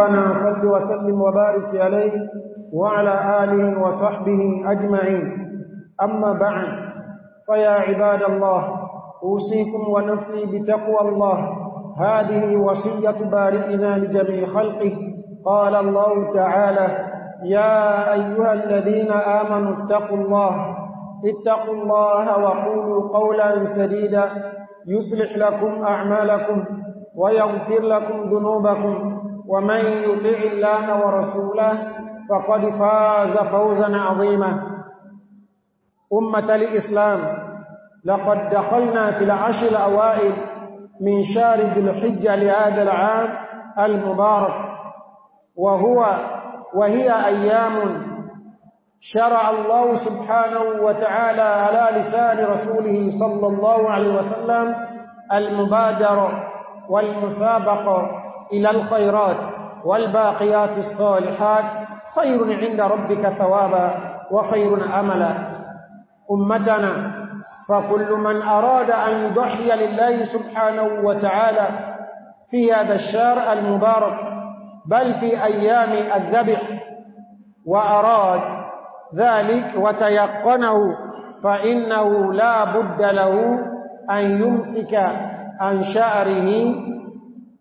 ربنا صل وسلم وبارك عليه وعلى آله وصحبه أجمعين أما بعد فيا عباد الله أوصيكم ونفسي بتقوى الله هذه وصية بارئنا لجميع خلقه قال الله تعالى يا أيها الذين آمنوا اتقوا الله اتقوا الله وقولوا قولا سديدا يصلح لكم أعمالكم ويغفر لكم ذنوبكم ومن يطع الله ورسوله فقد فاز فوزا عظيما أمة الإسلام لقد دخلنا في العشر الأوائل من شهر ذي الحجة لهذا العام المبارك وهو وهي أيام شرع الله سبحانه وتعالى على لسان رسوله صلى الله عليه وسلم المبادرة والمسابقة إلى الخيرات والباقيات الصالحات خير عند ربك ثوابا وخير أملا أمتنا فكل من أراد أن يضحي لله سبحانه وتعالى في هذا الشهر المبارك بل في أيام الذبح وأراد ذلك وتيقنه فإنه لا بد له أن يمسك عن شعره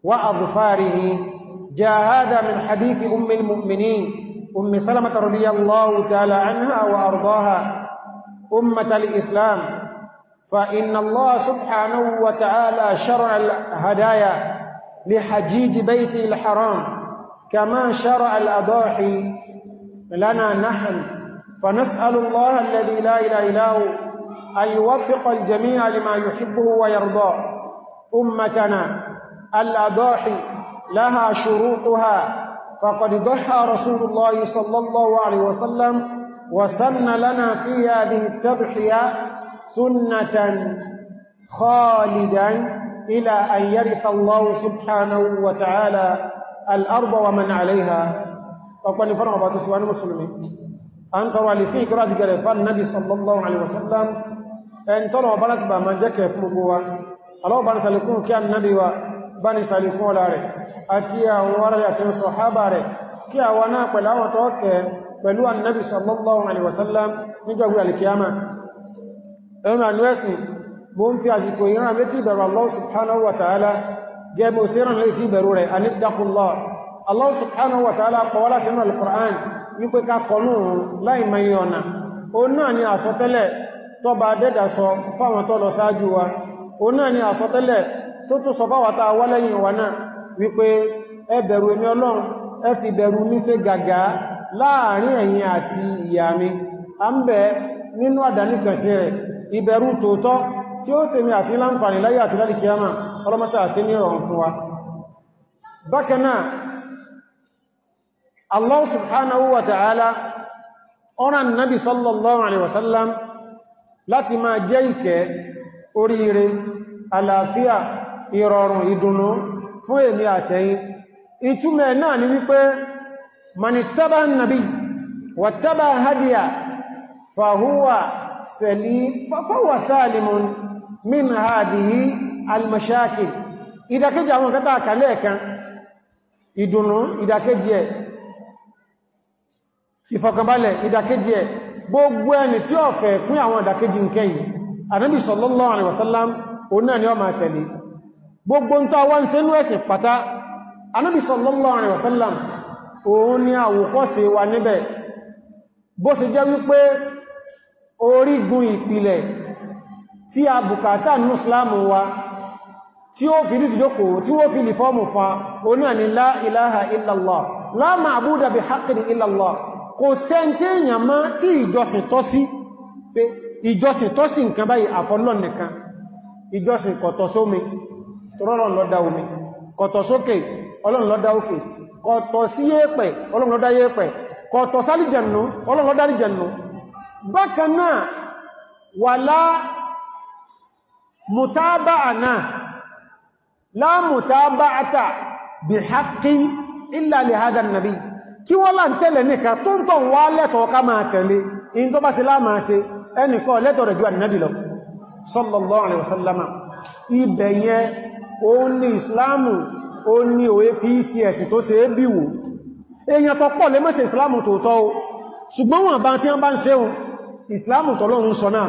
وأظفاره جاء هذا من حديث أم المؤمنين أم سلمة رضي الله تعالى عنها وأرضاها أمة الإسلام فإن الله سبحانه وتعالى شرع الهدايا لحجيج بيته الحرام كما شرع الأضاحي لنا نحن فنسأل الله الذي لا إله إلا هو أن يوفق الجميع لما يحبه ويرضاه أمتنا الأضاحي لها شروطها فقد ضحى رسول الله صلى الله عليه وسلم وسن لنا في هذه التضحية سنة خالدا إلى أن يرث الله سبحانه وتعالى الأرض ومن عليها فقال لفرما بعد سواء المسلمين أن ترى فيك قراءة قريفان النبي صلى الله عليه وسلم أن ترى بلت من جكف مقوة الله بلت لكون كان النبي وقال bá ní sàlékún ọlá rẹ̀ àti àwọn aráyà tí ń sọ hábà rẹ̀ kí àwọn náà pẹ̀lú àwọn tó kẹ pẹ̀lú annabi sallallahu alaihi wasallam níjọgbé alkiyama ẹ̀rọ àníwẹ̀sì mo ń fi àsìkò ìran létí ìbẹ̀rù Allah subhanahu wa ta'ala gẹ́ mo sí ìran létí ìbẹ̀rù rẹ̀ a ní dákùnlọ́ Allah subhanahu wa ta'ala pọ̀wọ́lá sọ fáwọn tó sáájú wa o náà ni àsọtẹ́lẹ̀ tó tó sọ fáwàtà wá lẹ́yìn wa náà wípé ẹ bẹ̀rù èmi ọlọ́run ẹ fi bẹ̀rù mi ṣe gàgà láàrin ẹ̀yin àti ìyà mi a ń bẹ nínú àdáníkànsí rẹ̀ ìbẹ̀rù tòótọ́ tí ó ṣe mi àti láǹfààní a Allah subhanahu nabi láti jẹ́ ìkẹ́ ìrọ̀rùn ìdùnnú fún èmi àtẹ̀yìn ìtumẹ̀ náà ni wípé manitaba nabi wattaba hadiya fahuwa salimun min hadihi almashakil ìdàkejì àwọn kẹta àkàlẹ̀ kan ìdùnnú ìdàkejì ẹ̀ ìfọ̀kànbalẹ̀ ìdàkejì ẹ̀ gbogbo ẹni tí ó fẹ́ pín àwọn ìdàkejì nkẹyìn Ànábì sallallahu alaihi wasallam òun náà ni ó máa tẹ̀lé gbogbo ń tàwà ń sínú ẹ̀sìn pàtá anábì sallallahu alaihi wasallam òun ni àwòkọ́ṣe wa níbẹ̀ bó ṣe jẹ́ wípé orígun ìpìlẹ̀ tí a bùkátà ní wa tí ó fi dídìjókò tí ó fi lè fọ́mù fa oní àni la ilaha illallah la ma'buda bi haqqin illallah kò sẹ́ntẹ́ èèyàn má tí ìjọsìn tọ́ sí pé ìjọsìn tọ́ sí nǹkan báyìí àfọ́lọ́ nìkan ìjọsìn kò tọ́rọlọ́n lọ́dá omi kọ̀tọ̀ sókè ọlọ́run lọ́dá òkè kọ̀tọ̀ sí yẹ́pẹ̀ ọlọ́run lọ́dá yẹ́pẹ̀ kọ̀tọ̀ sálìjẹ̀nù ọlọ́run lọ́dá ríjẹ̀nù bákan náà wala mutaba'ana la mutaba'ata bihaqqin illa li hadha an-nabi kí wọ́n lá ń tẹ́lẹ̀ níka tó ń òun ni ìsìláàmù ó ní òye fi tó ṣe é bíwò èèyàn tó pọ̀ lè má ṣe ìsìláàmù tòótọ́ o ṣùgbọ́n wọn bá tí wọ́n bá ń ṣe o ìsìláàmù tọ́lọ́run sọ náà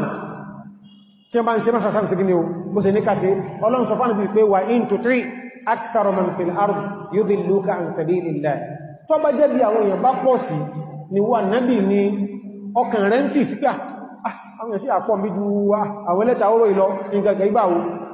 tí wọ́n bá ń ṣe mọ́sàn sáàmù sí gíní o bó ṣe ní kàṣe ọlọ́run sọ fánàbí pé wà in to three akthar man fil ard yudilluka an sabilillah tó bá jẹ́ bí àwọn èèyàn bá pọ̀ sí ni wà nábì ni ọkàn rẹ̀ ń fi síkà ah, ah, àwọn èèyàn sí àpọ̀ mi ju ah, àwọn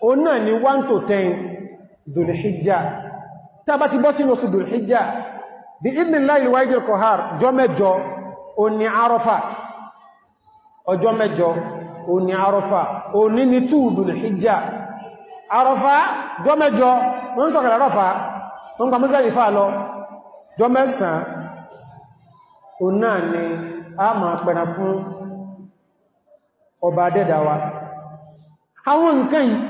o náà ni 1 to 10 zulhijjá tá bá ti bọ́ sínú sí zulhijjá bí idhnillahi wáyé kọ̀hár jọ mẹ́jọ o ní arọ́fà ọjọ́ mẹ́jọ o ní arọ́fà o ní ní 2 zulhijjá arọ́fà jọ mẹ́jọ wọ́n sọ̀kẹ̀lẹ̀ arọ́fà wọ́n pa ọba adẹ́dàwà àwọn nǹkan yìí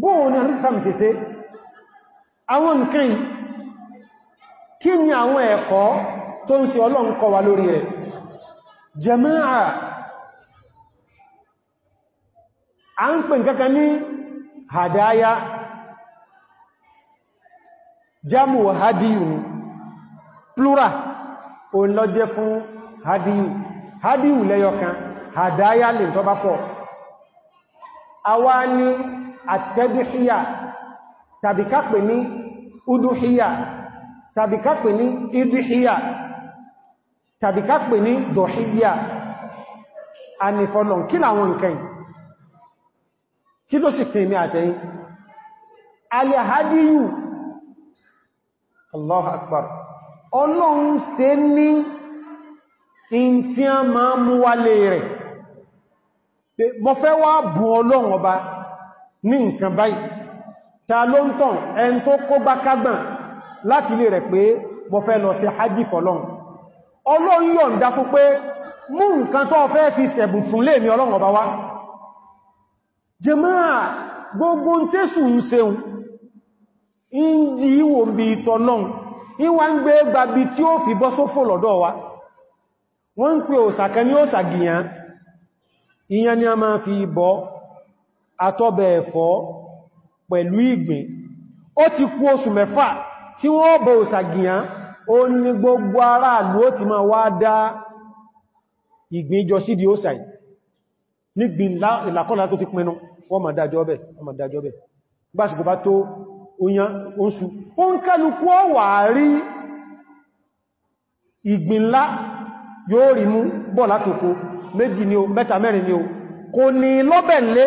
bóòun ní àrísàmì ti ṣe àwọn nǹkan kí ni àwọn ẹ̀kọ́ tó ń ṣe Ọlọ́run kọ́ lórí rẹ̀ a ń pè nǹkankan ní hadaya jamu hadiyu ni plural o lọ jẹ́ fún hadiyu hadiyu lẹ́yọkan hadaya lè tọ́bá a àwa ní àtẹ́bíhíyà tàbí kápẹ̀ ní udúhíyà tàbí kápẹ̀ ní idúhíyà tàbí kápẹ̀ ní a kí làwọn nǹkan kí ló sì fi àtẹ́yìn alìhádíyù Allah ọlọ́run se ní in tí a máa mú wálé rẹ̀ mọ́fẹ́ wá ọlọ́run ọba ní nǹkan báyìí ta ló ń tàn ẹn tó kó bá lati láti lè rẹ̀ pé mo fẹ́ lọ sí hajji fọ́lọ́n ọlọ́run yọ̀ǹda fún pé mú nǹkan tó fi sẹ̀bù fún lè mi ọlọ́run ọba gbogbo ìyẹn ni a máa fi bọ́ àtọ́bẹ̀ ẹ̀fọ́ pẹ̀lú ìgbín ó ti kú oṣù mẹ́fà tí wọ́n bọ̀ òsàgìyàn ó ní gbogbo aráàlú ó ti máa wá dá ìgbín jọ sí di ósàì nígbìn ìlàkọ́lá tó ti pinnu wọ́n máa dájọ́ bẹ̀ wọ́n máa dájọ́ bẹ̀ gbásùkú bá tó oúnṣù ó ń kálukú ọ wà rí ìgbín ńlá yóò rí mú bọ́ látòkó méjì ni o mẹ́ta mẹ́rin ni o kò ní lọ́bẹ̀ lé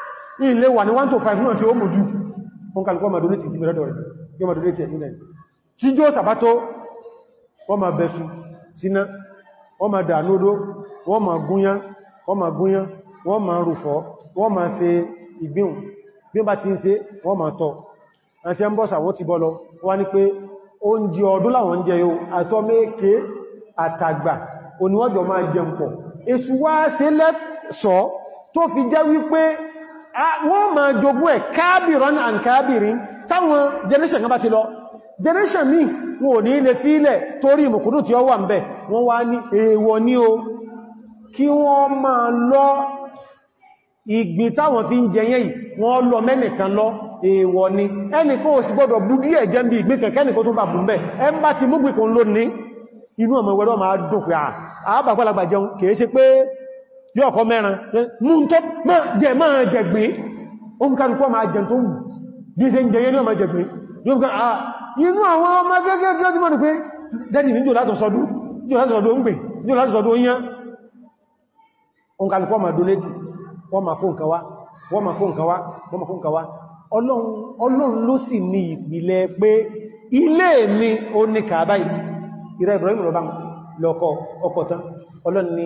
ilé wà ní 1 to 5 náà tí ó mọ̀jú wọ́n kàlùkọ́ ma donate ti mẹ́rẹ́dọ̀ rẹ̀ yóò ma donate ẹ̀mí náà tí jó sàbátó wọ́n ma bẹ̀ṣù síná wọ́n ma dànódó wọ́n ma gúnyán wọ́n ma gúnyán wọ́n ma rùfọ́ wọ́n ma ṣe ìgbíhùn bí máa jẹun pọ̀ èṣù wá ṣe lẹ́sọ̀ọ́ tó fi jẹ́ wípé Ah, wọ́n ma jogún ẹ̀ kábìrán àn kábìrín táwọn generation kan bá ti lọ generation mi wọn ò ní ilẹ̀ fílẹ̀ torí ìmùkúrú tí ó wà ń bẹ wọ́n wá ní èèwọ̀ ní o kí wọ́n ma lọ ìgbìn táwọn fi ń jẹyẹ yìí wọ́n lọ mẹ́nìkan lọ èèwọ̀ ni ẹnìkan ò sì gbọ́dọ̀ bú bí ẹ̀jẹ́ bí ìgbín kẹ̀kẹ́nìkan tó bà bú mẹ́ ẹ ń bá ti múgbìkan lónìí inú ọmọ ìwẹ̀rọ máa dùn pé àbàgbàlagbà jẹun kìí ṣe pé yóò kọ mẹ́ran mú tó jẹ máa jẹgbé oun kan kọ́ máa jẹun tó wù bí i ṣe ń jẹ yẹ́ ní ọmọ jẹgbé yóò kọ́ à ah, inú àwọn ọmọ gẹ́gẹ́gẹ́ ọdún mọ́nù pé dẹ́ni ní jò látọ̀ sọdún jò látọ̀ sọdún ń pè jò látọ̀ sọdún yán oun kan kọ́ máa donate wọ́n máa kó nǹkan wá wọ́n máa kó nǹkan wá wọ́n máa kó nǹkan wá ọlọ́run ló sì ní ìpìlẹ̀ pé ilé mi ó ní kàábáyì ìrẹ́ Ibrahim lọ́kọ̀ ọkọ̀ tán ọlọ́run ni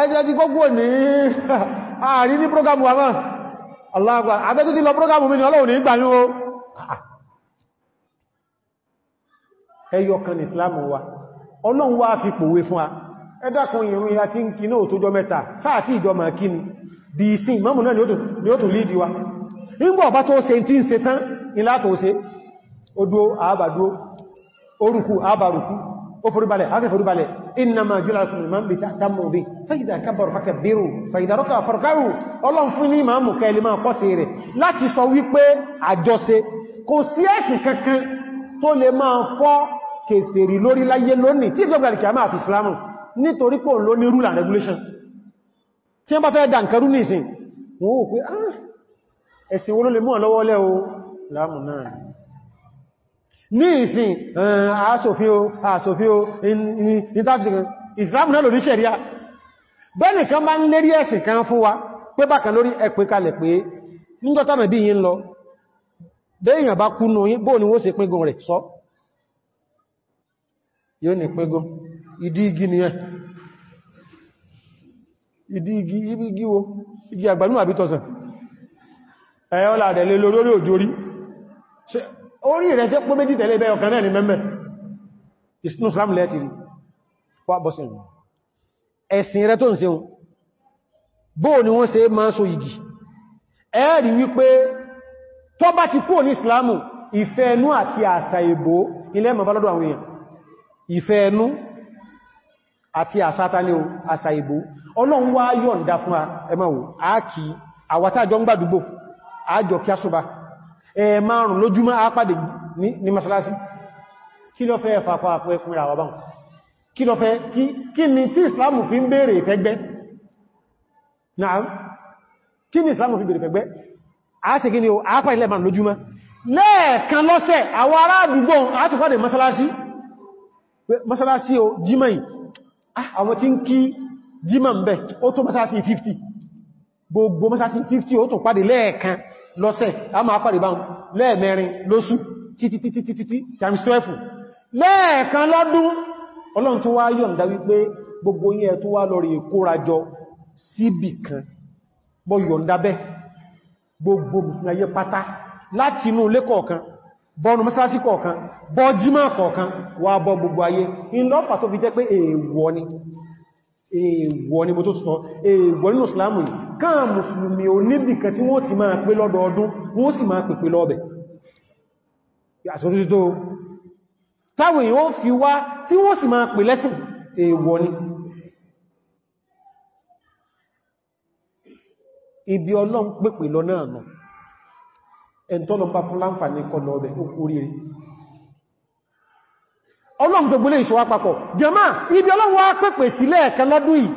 ẹjẹ́ ti gbogbo ní ààrí ní prógámù wa náà aláàgbà abẹ́tú ti lọ prógámù mi ní ọlọ́run ní ìgbàyún o ẹyọkan islamu wa ọlọ́run wá fi pòwe fún a ẹdàkùn ìrun ya ti ń kí náà tó mẹ́ta sáà tí di ìsìn náà ni ó tún ọba tó ṣe tí ń ṣe tán ilá tó ṣe ó dúó àábàdúó orùkú àábàrùkú ó إنما جلعكم الإمام بتأتموا به فإذا كبروا فكبروا فإذا ركع فركعوا ọlọ́run fún ní ìmáàmù kẹlìmá kọ́sí rẹ̀ láti sọ wípé àjọṣe kò sí ẹ̀sìn kankan tó lè máa fọ́ kèsèrí lórí láyé lónìí tí ìjọba ìkìyà máa fi islamu nítorí pò ló ní rule and regulation tí wọ́n bá fẹ́ dà nǹkan rú ní ìsìn wọ́n wò pé ah, ẹ̀sìn wo ló lè mú ọ̀lọ́wọ́lẹ́ o islamu náà ní ìsìn àásòfin eh, o àásòfin o ìtàfisìkan Islam náà lò ní ṣẹ̀ríà bẹ́ẹ̀nì kan bá ń lérí ẹ̀sìn kan fún wa pé bákan lórí ẹ̀pẹ́ kalẹ̀ pé nígbọ́tàmà bí yí ń lọ bẹ́ẹ̀yàn bá kúnnú yí bóò ni wó ṣe píngun rẹ̀ sọ yóò ní píngun ìdí igi ni ẹ ìdí igi ibi igi wo igi orí rẹ̀ fẹ́ pọ́ méjì tẹ̀lé bẹ́ ọ̀kan náà ni mẹ́mẹ́ islam lẹ́tìrí wà bọ́sí ìrìn ẹ̀sìn rẹ̀ tó ń seun bó ni wọ́n ṣe máa so yìí ẹ̀rí wípé tó bá ti kúrò ní islamu ìfẹ́ ẹnu àti àṣà ìbò ilẹ̀ mọ̀ bálọ́dọ̀ àwọn èèyàn ìfẹ́ ẹnu àti àṣà tani o àṣà ìbò ọlọ́run ẹ̀ẹ̀márùn lójúmọ́ àpàdé ní masalasi kí ló fẹ́ fàpá àpò ẹkùnrin àwọn báhùn kí ló fẹ́ kí ni tí islamu fi ń bèèrè ìfẹ́gbẹ́ náà kí ni islamu fi bèèrè ìfẹ́gbẹ́ a ti kí ni àpà ilẹ̀ márùn lójúmọ́ lẹ́ẹ̀kan lọ́sẹ̀ àwọn ará àdúgbò àtùpàdé masalasi masalasi o jimai ah, àwọn tí ń kí jimai ń bẹ masalasi 50 gbogbo masalasi 50 ó tó pàdé lẹ́ẹ̀kan lọ́sẹ̀ a máa pàdé bá lẹ́ẹ̀mẹ́rin lóṣù títítítítítí times 12 lẹ́ẹ̀kan lọ́dún ọlọ́run tó wá yọ̀ǹda wípé gbogbo yín tó wá lórí ìkórajọ síbì kan bọ́ gbogbo ayé pátá láti inú kọ̀ọ̀kan bọ́nu kọ̀ọ̀kan bọ́ gbogbo ayé ìlọ́fà tó fi jẹ́ pé èèwọ̀ ni èèwọ̀ ni mo tó sọ èèwọ̀ nínú káà mùsùlùmí ò níbìkan tí wọ́n ti máa pé lọ́dọọdún wọ́n sì máa pèpè lọ́ọ̀bẹ̀ àṣòrítò táwọn èèyàn fi wá tí wọ́n sì máa pè lẹ́sìn èèwọ̀ ni ibi ọlọ́run pèpè lọ náà nà ẹ̀ntọ́lọ bá fún láǹfààní kọ lọ́ọ̀bẹ̀ oríire ọlọ́run gbogbo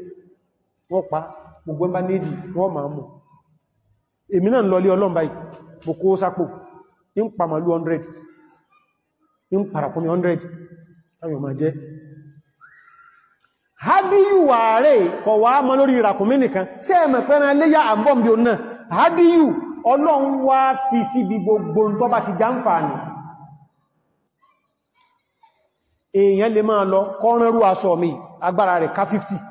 wọ́n pa gbogbo ẹmbá nídì wọ́n máa mú èmi náà lọ lé ọlọ́mbà ìpòkó sápò 100 ń 100 táwọn ọmọ jẹ́ hadiyu wà rẹ̀ kọ̀ wà lórí ìràkùnmí nìkan sí ẹ̀mẹ̀ pẹ́ran aléyà 50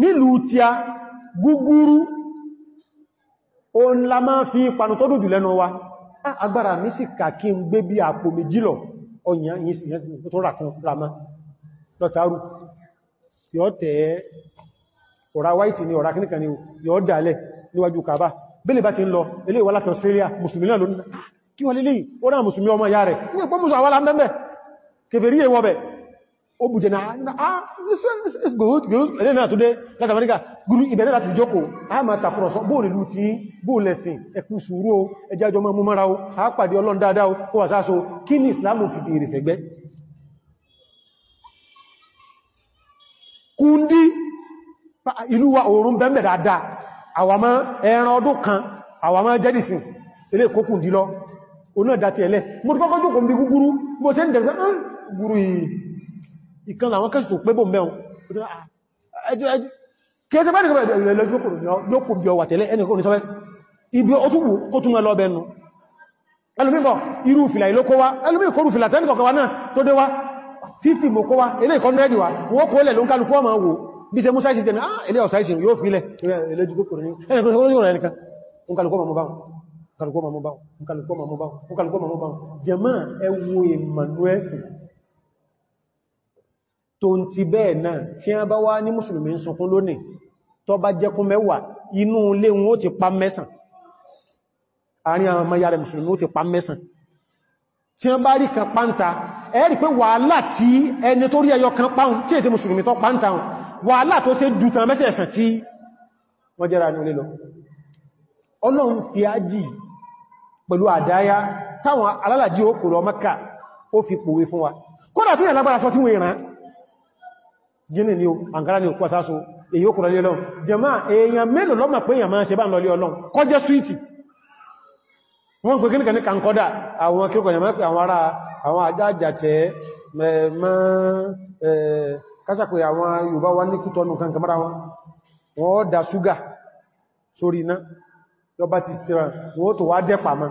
nílùú tí a gúgúrú o n la máa fi panu tó dùn jù lẹ́nu wa ah, agbára mi sì kà kí n gbé bí àpò méjì lọ yìí tó ràkún rama lọ́tàrù yọ́ tẹ̀ ọ̀rá white ni ọ̀rá kíníkan ni yọ́ dálẹ̀ níwájú kàbá ti ń lọ ilé ìwà láti Australia musulmi náà lónìí ah, kí wọ́n musulmi ọmọ ìyá rẹ̀ ní musulmi kèfèrí obùjẹ̀ náà ah, it's good good ẹ̀lẹ́ náà today láti America gúrú ìbẹ̀rẹ̀ láti a máa tàkùrọ̀sọ bóòlì lú tí bóòlẹ̀sìn ẹkù sùúrù o ẹjájọ máa mú mara o a pàdé Ọlọ́run dáadáa o kó wàsáso kí ní Islam fi bèèrè fẹ̀gbẹ́ kúndí ìlú wa oòrùn bẹ́m̀bẹ̀ dáadáa àwàmọ́ ẹran ọdún kan àwàmọ́ jẹ́dìsìn ilé kókùndí lọ onáà dátí ẹlẹ́ mo ti kọ́kọ́ jókòó bí gúgúrú mo ti ń dẹ̀gbẹ́ ìkan àwọn kẹ́sù tó pé bò mẹ́un kẹ́ẹ̀sẹ̀ bá nìkan bẹ̀rẹ̀ lọ́jọ́kùn bí ọwà tẹ́lẹ̀ ẹnìkan ní sọ́wẹ́ ibi ọtúwù kó tún lọ bẹnu ẹlùmíkọ̀ irú fìlà ìlókó wá ẹlùmíkọ̀ irú fìlà tẹ́nìkọ̀kọ̀ wá náà tó dé wá fífì mọ́kọ́ wá ilé ìkọ́ mẹ́rẹ̀dì wá wọ́n kó lẹ̀ ló ń kálukú ọmọ wò bí se musa ìsìtẹ̀ náà ilé ọ̀sá ìsìn yóò fílẹ̀ ẹlẹ́jùkú kòrò ní ẹnìkan tó ń ti bẹ́ẹ̀ náà tí a bá wá ní mùsùlùmí ń sunkún lónìí tó bá jẹ́kún mẹ́wàá inú ilé wọn ó ti pa mẹ́sàn àárín àwọn ọmọ yàrá mùsùlùmí ó ti pa mẹ́sàn tí a bá rí kan pántà ẹ̀rí pé wàhálà tí ẹni tó rí ẹyọ kan páhùn tí tí wọ́n sọ tí wọ́n ìran gíní ni o àǹkárá ni o pàṣásó èyí ó kùnrin ọlọ́run jẹma èèyàn mélòó lọ́mà pé èèyàn máa ṣe bá ń lọlé ọlọ́run kọjẹ́ súwìtì wọ́n pè kíní kaní kankọ́dà àwọn kíkọ̀ yàmá pé àwọn ará àwọn àjájàtẹ́ mẹ́mọ́ kásàpẹ̀ àwọn Yorùbá wá ní kútọ́nù kankamara wọn wọ́n da ṣúgà sórí iná yọba ti síra wọ́n tó wá dẹ́pà mọ́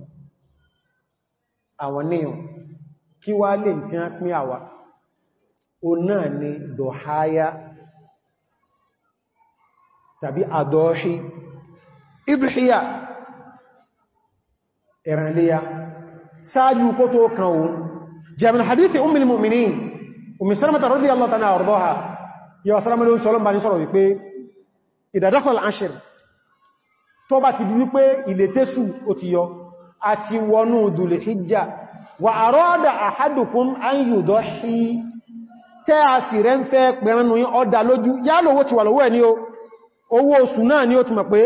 àwọn níyàn kí wá lè tí a pín àwà o náà ni dọ̀háyá tàbí àdọ́ṣí ibùhíyà ìrànlẹ́yà sáájú kó tó kan òun jẹ́bìn hadithi ummil mu'minin ummi salamata radiyallahu ta'ala ardaha yíwa salamalin sọlọ́n bá ní sọ̀rọ̀ wípé idha dakhala tó bá ti di wípé ìlètésù ó ti yọ àti wọnú hijjá wà àrọ́dà àhádùkún an yùdọ́ hì tẹ́ a sì rẹ̀ ń fẹ́ pẹ̀rẹnu ọdá lójú yálò owó ti wà lọ́wọ́ ẹ̀ ní o owó oṣù náà ni ó ti mọ̀ pé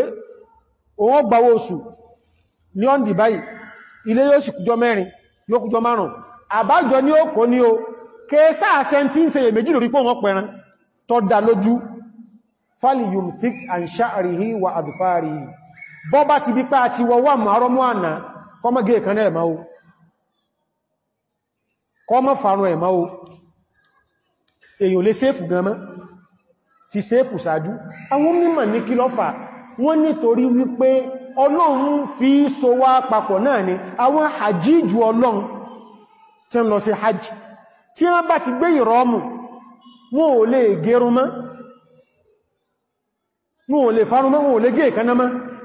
òun gbàwó oṣù ní ọ́ndì báyìí ilé yóò sì kújọ mẹ́rin yóò kújọ márùn àbájọ ní ó ní o ń kọmọ gẹ́ ìkan náà máa kọmọ farun ẹ̀ o èyàn lè sẹ́fù gánmá ti sẹ́fù sáájú àwọn mímọ̀ ní kí lọ́fà wọ́n nítorí wípé ọlọ́run fi so wá papọ̀ náà ni àwọn hajjíjù ọlọ́run tí wọn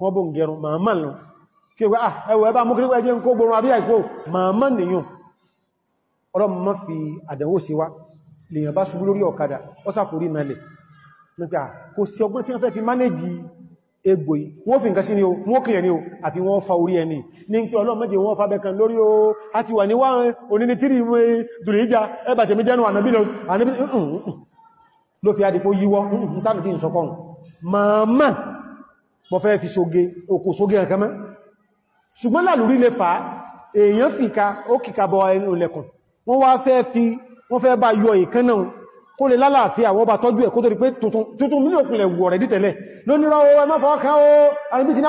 wọ́n bó ń gẹrun màmá lọ kí ẹgbẹ́ ah, ẹwọ ẹbá mú kíríkọ́ ẹjẹ́ ń kó gbọ́rún àbíyà ìkó màmá nìyàn ọlọ́m mọ́ fi àdánwò sí wá lèyàn bá ṣubú lórí ọ̀kadà ó sàkórí mẹ́lẹ̀ nípa ah, kò sí ọgbọ́n tí wọ́n fẹ́ fi mánéjì egbò yìí wọ́n fi nǹkan sí ni o wọ́n kìlẹ̀ ni o àti wọ́n fa orí ẹni ní màmá mo fẹ́ fi ṣoge okò ṣoge ẹ̀kẹ́mẹ́ ṣùgbọ́n lálùrí lè fà èèyàn fìka ó kìka bọ ẹnu lẹ́kùn wọ́n wá fẹ́ fi wọ́n fẹ́ bá yọ ìkan náà kó lè lálàáfíà wọ́n bá tọ́jú ẹ̀ kó tó rí pé tuntun mílò kùnlẹ̀ wù ọ̀rẹ̀ dítẹ̀lẹ̀ lónírà owó ẹmọ́ fọ́ọ̀kan ó arìbí ti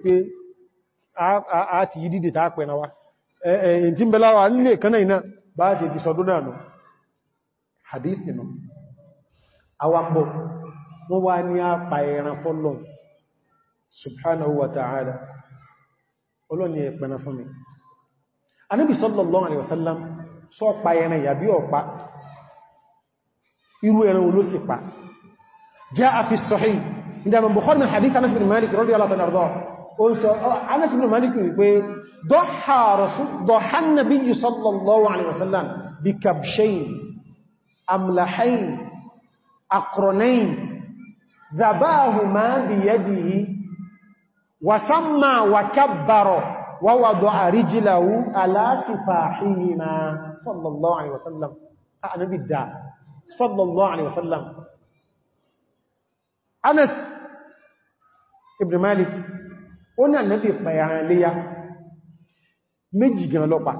náà fi àti yìí dìde tàà pẹ̀nà wa ẹ̀yìn tí ń bẹ lára nílé kanáà iná bá ṣe fi sọdún náà nù hadithi nù awambo wọ́n wá ní àpà ẹ̀ràn fọ́lọ̀ subhanahu wa ta'ala olóòní ẹ̀pẹ̀nà fún mi anábi sallallahu alaihi wasallam sọ pa ẹran ìyàbí ọ̀pá irú ẹran olóṣìpa jẹ́ àfi sahih ó sọ oh, Anas ibn Malik wípé dọ̀hán nabiyyu sallallahu alaihi wasallam bí kabshayn amlahayn aqranayn dhabahuma bi yadihi wa samma wa kabbara wa wada'a rijlahu ala sifahihima sallallahu alaihi ah, Anas ibn Malik ó ní ànẹ́bì pẹ̀yàrán léyá méjì gan lọ́pa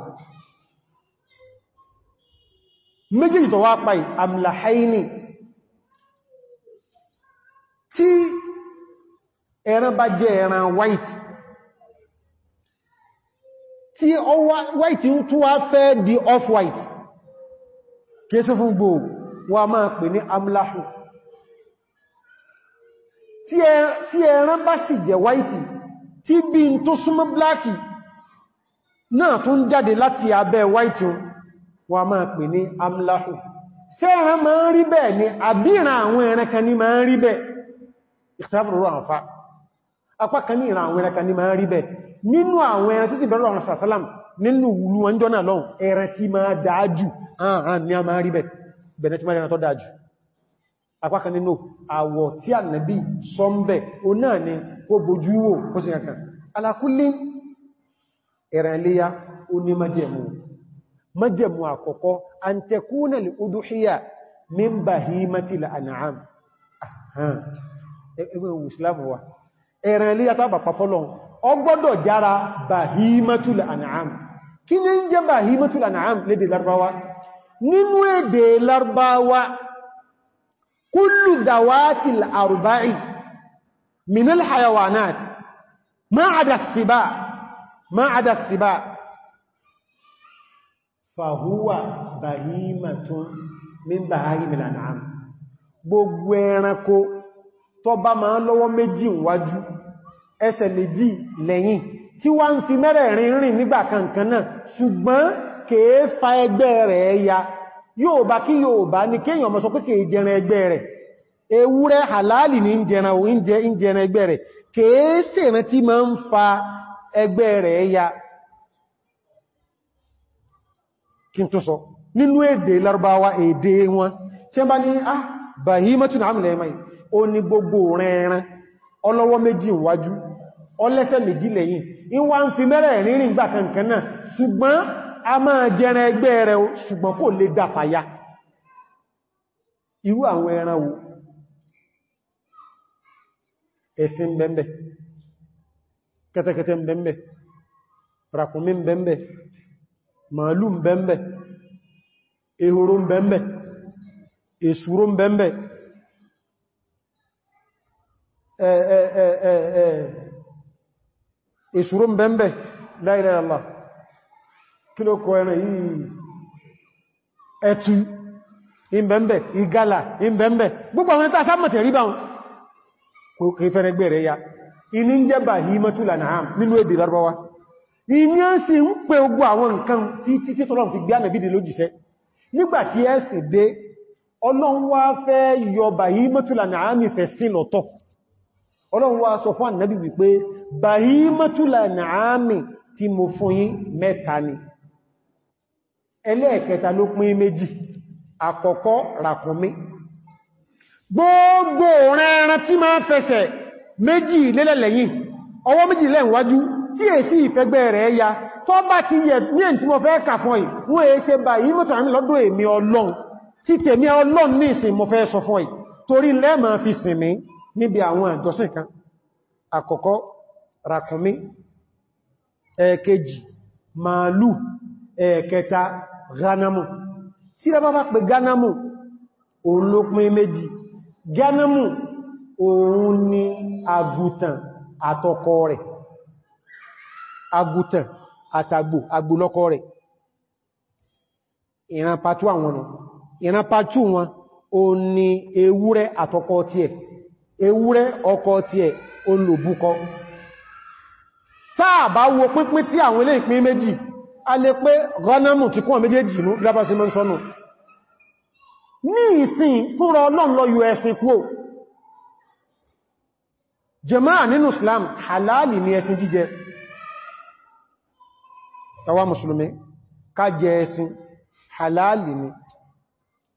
méjì tó wá pàì amlahaini tí ẹran bá jẹ ẹran white tí white ń tó wá fẹ́ di off-white kéèsù fún gbò wọ́n máa pè ní amlahu tí ẹran bá sì jẹ white tí bí n tó súnmọ́ bláàkì náà tó ń jáde láti abẹ́ white o wà máa pè ní amlahu ṣé ẹran máa ń rí bẹ́ẹ̀ ni àbíran àwọn ẹran kan ní máa ń rí bẹ́ẹ̀ ìtàbùrù àǹfà apá kan ní ìran àwọn ẹran kan ní máa ń rí bẹ́ẹ̀ nínú àwọn ẹran títí ni a máa rí bẹ̀ẹ̀ tí máa rẹ̀nà tó dáájù apá kan kó bojú wò kó sí kankan alákúlé ẹ̀rẹ̀ iléyá ó ní májẹ̀mú májẹ̀mú àkọ́kọ́ an tẹkúnà lè udúhíyà min bahimati al-an'am ẹgbẹ́ ìwòsílámù wa ẹ̀rẹ̀ iléyá tàbà papọ́lọ́ ọgbọ́dọ̀ jára bahimatu al-an'am kí ní ń jẹ́ bahimatu al-an'am lédè من الحيوانات ما عدا السباع ما عدا السباع فهو بهيمة من بهائم الأنعام gbogbo ẹranko tó bá máa ń lọ́wọ́ méjì wájú ẹsẹ̀ méjì lẹ́yìn tí wá ń fi mẹ́rẹ̀ẹ̀rin rìn nígbà kankan náà ṣùgbọ́n kèé fa ẹgbẹ́ rẹ̀ ẹ̀yà yóò bá kí yóò bá ní kéèyàn mọ́ sọ pé kèé jẹran ẹgbẹ́ rẹ̀ ewúrẹ́ halali ní ìjẹran oúnjẹ ìjẹran ẹgbẹ́ rẹ̀ kèése rẹ̀ tí ma ń fa ẹgbẹ́ rẹ̀ ya kí n tó sọ nínú èdè Lárúbáwá èdè wọn tí wọ́n bá ní ah bahimatun amìlẹ̀ ẹ̀mà ó gbogbo fi kankan na sugbon a máa àwọn ẹṣin bẹ́m̀bẹ̀ kẹ́tẹ́kẹ́tẹ́ bẹ́m̀bẹ̀ ràkúnmí bẹ́m̀bẹ̀ màálù bẹ́m̀bẹ̀ ehoro bẹ́m̀bẹ̀ èsúró bẹ́m̀bẹ̀ èsúró bẹ́m̀bẹ̀ la ilaha kí ló kọ ẹran yìí ẹtu ìbẹ̀m̀bẹ̀ ìbẹ̀m̀bẹ̀ gbogbo àwọn kẹfẹ́rẹgbẹ̀rẹ̀ ya iní ń jẹ́ bahimatul an'am nínú èdè Lárúbáwá iní ń sì ń pè ogun àwọn nǹkan títí tí tọ́lọ́n fi gbé ànàbídì lójíṣẹ́ nígbàtí ẹ̀sìn dé Ọlọ́run wá fẹ́ yọ bahimatul sọ fún mo ni gbogbo ẹran tí máa fẹsẹ̀ méjì lélẹ̀lẹ̀yìn ọwọ́ méjì lẹ́wájú tí è sí ìfẹ́gbẹ́ rẹ̀ ya tó bá ti yẹ ní ẹ̀ tí mo fẹ́ kà fún ẹ̀ wọ́n èé ṣe bá yí mọ́tàn lọ́dọ̀ èmi ọlọ́run tí tèmi ọlọ́run ní ìsìn mo fẹ́ sọ fún ẹ̀ torí lẹ́màá fi sìn mí níbi àwọn àjọsìn kan àkọ́kọ́ ràkúnmí ẹ̀ẹ̀kejì òun ló pín méjì gẹ́nàmù òun ni àgùtàn àtọkọ rẹ̀ àgùtàn àtàgbò àgbòlọ́kọ rẹ̀ ìran pàtú àwọn nù ìran pàtú wọn o ni ewúrẹ́ àtọkọ tí ẹ̀ ewúrẹ́ ọkọ tí ẹ̀ olùbúkọ táà bá wo pínpín tí àwọn ilé ìpín méjì a lè pé gọ́nàmù tí kún méjèèjì mú lábásí mọ́ ní ìsìn fúnra ọlọ́n lọ yọ ẹ̀sìn kúò jẹmáà nínú Islam halali ni ẹ̀sìn jíjẹ tàwa mùsùlùmí ká jẹ ẹ̀sìn halali ni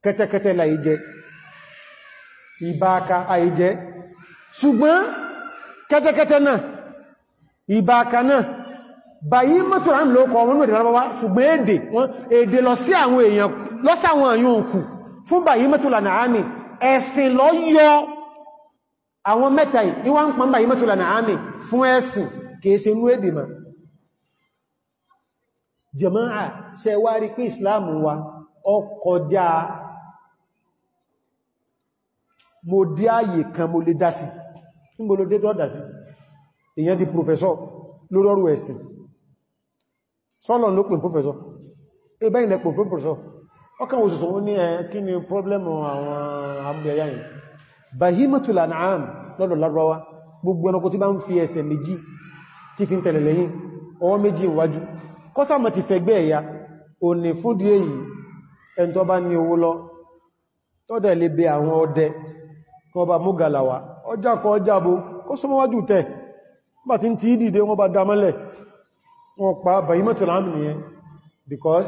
kẹ́tẹ́kẹ́tẹ́ láì jẹ ìbáka àì jẹ ṣùgbọ́n kẹ́tẹ́kẹ́tẹ́ náà ìbáka náà bàyí mọ́tò àmì lóòkọ̀ wọn ní èdè lábọ́wá ṣùgbọ́n èdè lọ sí àwọn èèyàn lọ́sàwọn èèyàn òkú fún bàyí mẹ́tùlà nàámi ẹ̀sìn lọ yọ àwọn mẹ́ta yìí wọ́n ń pọ̀ bàyí mẹ́tùlà nàámi fún ẹ̀sìn kèèsè inú èdè ma jẹmáà ṣe wá rí pé ìsìláàmù wa ọkọjá mo dí ààyè kan mo lè dásí níbo ló dé tó dásí èyàn di professor lórọ́rù ẹ̀sìn sọ́lọ̀ ló pè professor ọkàn òṣìṣò ó ní ẹ kí ni pọ́blẹ́mù àwọn abúyayá yìí bahimatul an'am lọ́dọ̀ larawa gbogbo ẹranko tí bá ń fi ẹsẹ̀ méjì tí fi ń tẹ̀lẹ̀ lẹ́yìn ọwọ́ méjì wájú kọ́sàmọ̀ ti fẹ̀gbẹ́ ẹ̀yà òní fún díẹ̀ ní owó lọ because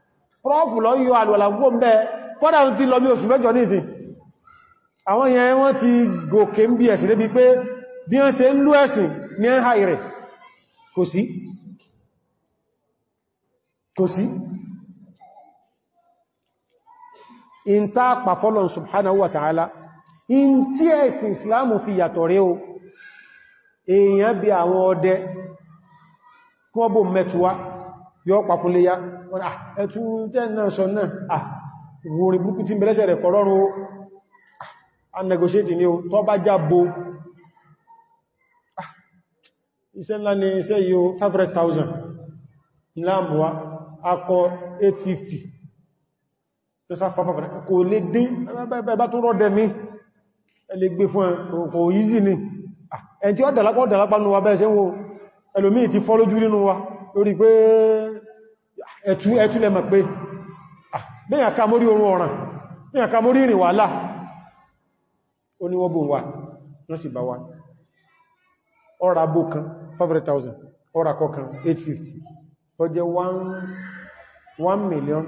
prọ́fù lọ yọ àlùwàlà gbó ń bẹ́ kọ́dà ti lọ bí oṣù mẹ́jọ ní ìsìn àwọn yẹn wọ́n ti gòkè ń bí ẹ̀sìn débi pé bí wọ́n ṣe ń lú ẹ̀sìn ní ẹ̀ ìrẹ̀ kò sí kò sí in ta pàfọ́lọ̀ subhanahu wa ta'ala in tí ẹ̀sìn islamu fi yàtọ̀ rẹ̀ o èèyàn bí àwọn ọdẹ kí wọ́n bò mẹ́tuwa yọ́ wọ́n ẹ̀tún tẹ́ náà sọ náà rúrí burúkú tí bẹ̀lẹ́sẹ̀ rẹ̀ kọ̀rọ̀rún a negotiate ni o tó bá jábo iṣẹ́ ńlá ni iṣẹ́ yíò 500,000 ìlàmùwa akọ 850 tó sáfàfà kò lè dín ẹbá tó rọ́ dẹ̀mí ẹlẹ́ gbé fún ọkọ̀ yìí ni ẹni tí ó dàlápọ̀ dàlápọ̀ nínú wa bẹ́ẹ̀ ṣe ń wo ẹlòmí ti fọ́ lójú nínú wa lórí pé ẹ̀tú ẹ̀tú lẹ́mọ̀ pé bẹ́yà ká mórí orun ọ̀ràn bẹ́yà ká mórí ìrìn wàhálà ó wà sì bá wá bó kan 500,000 ọ̀rà kọkan 850 ó 1,350,000 1 million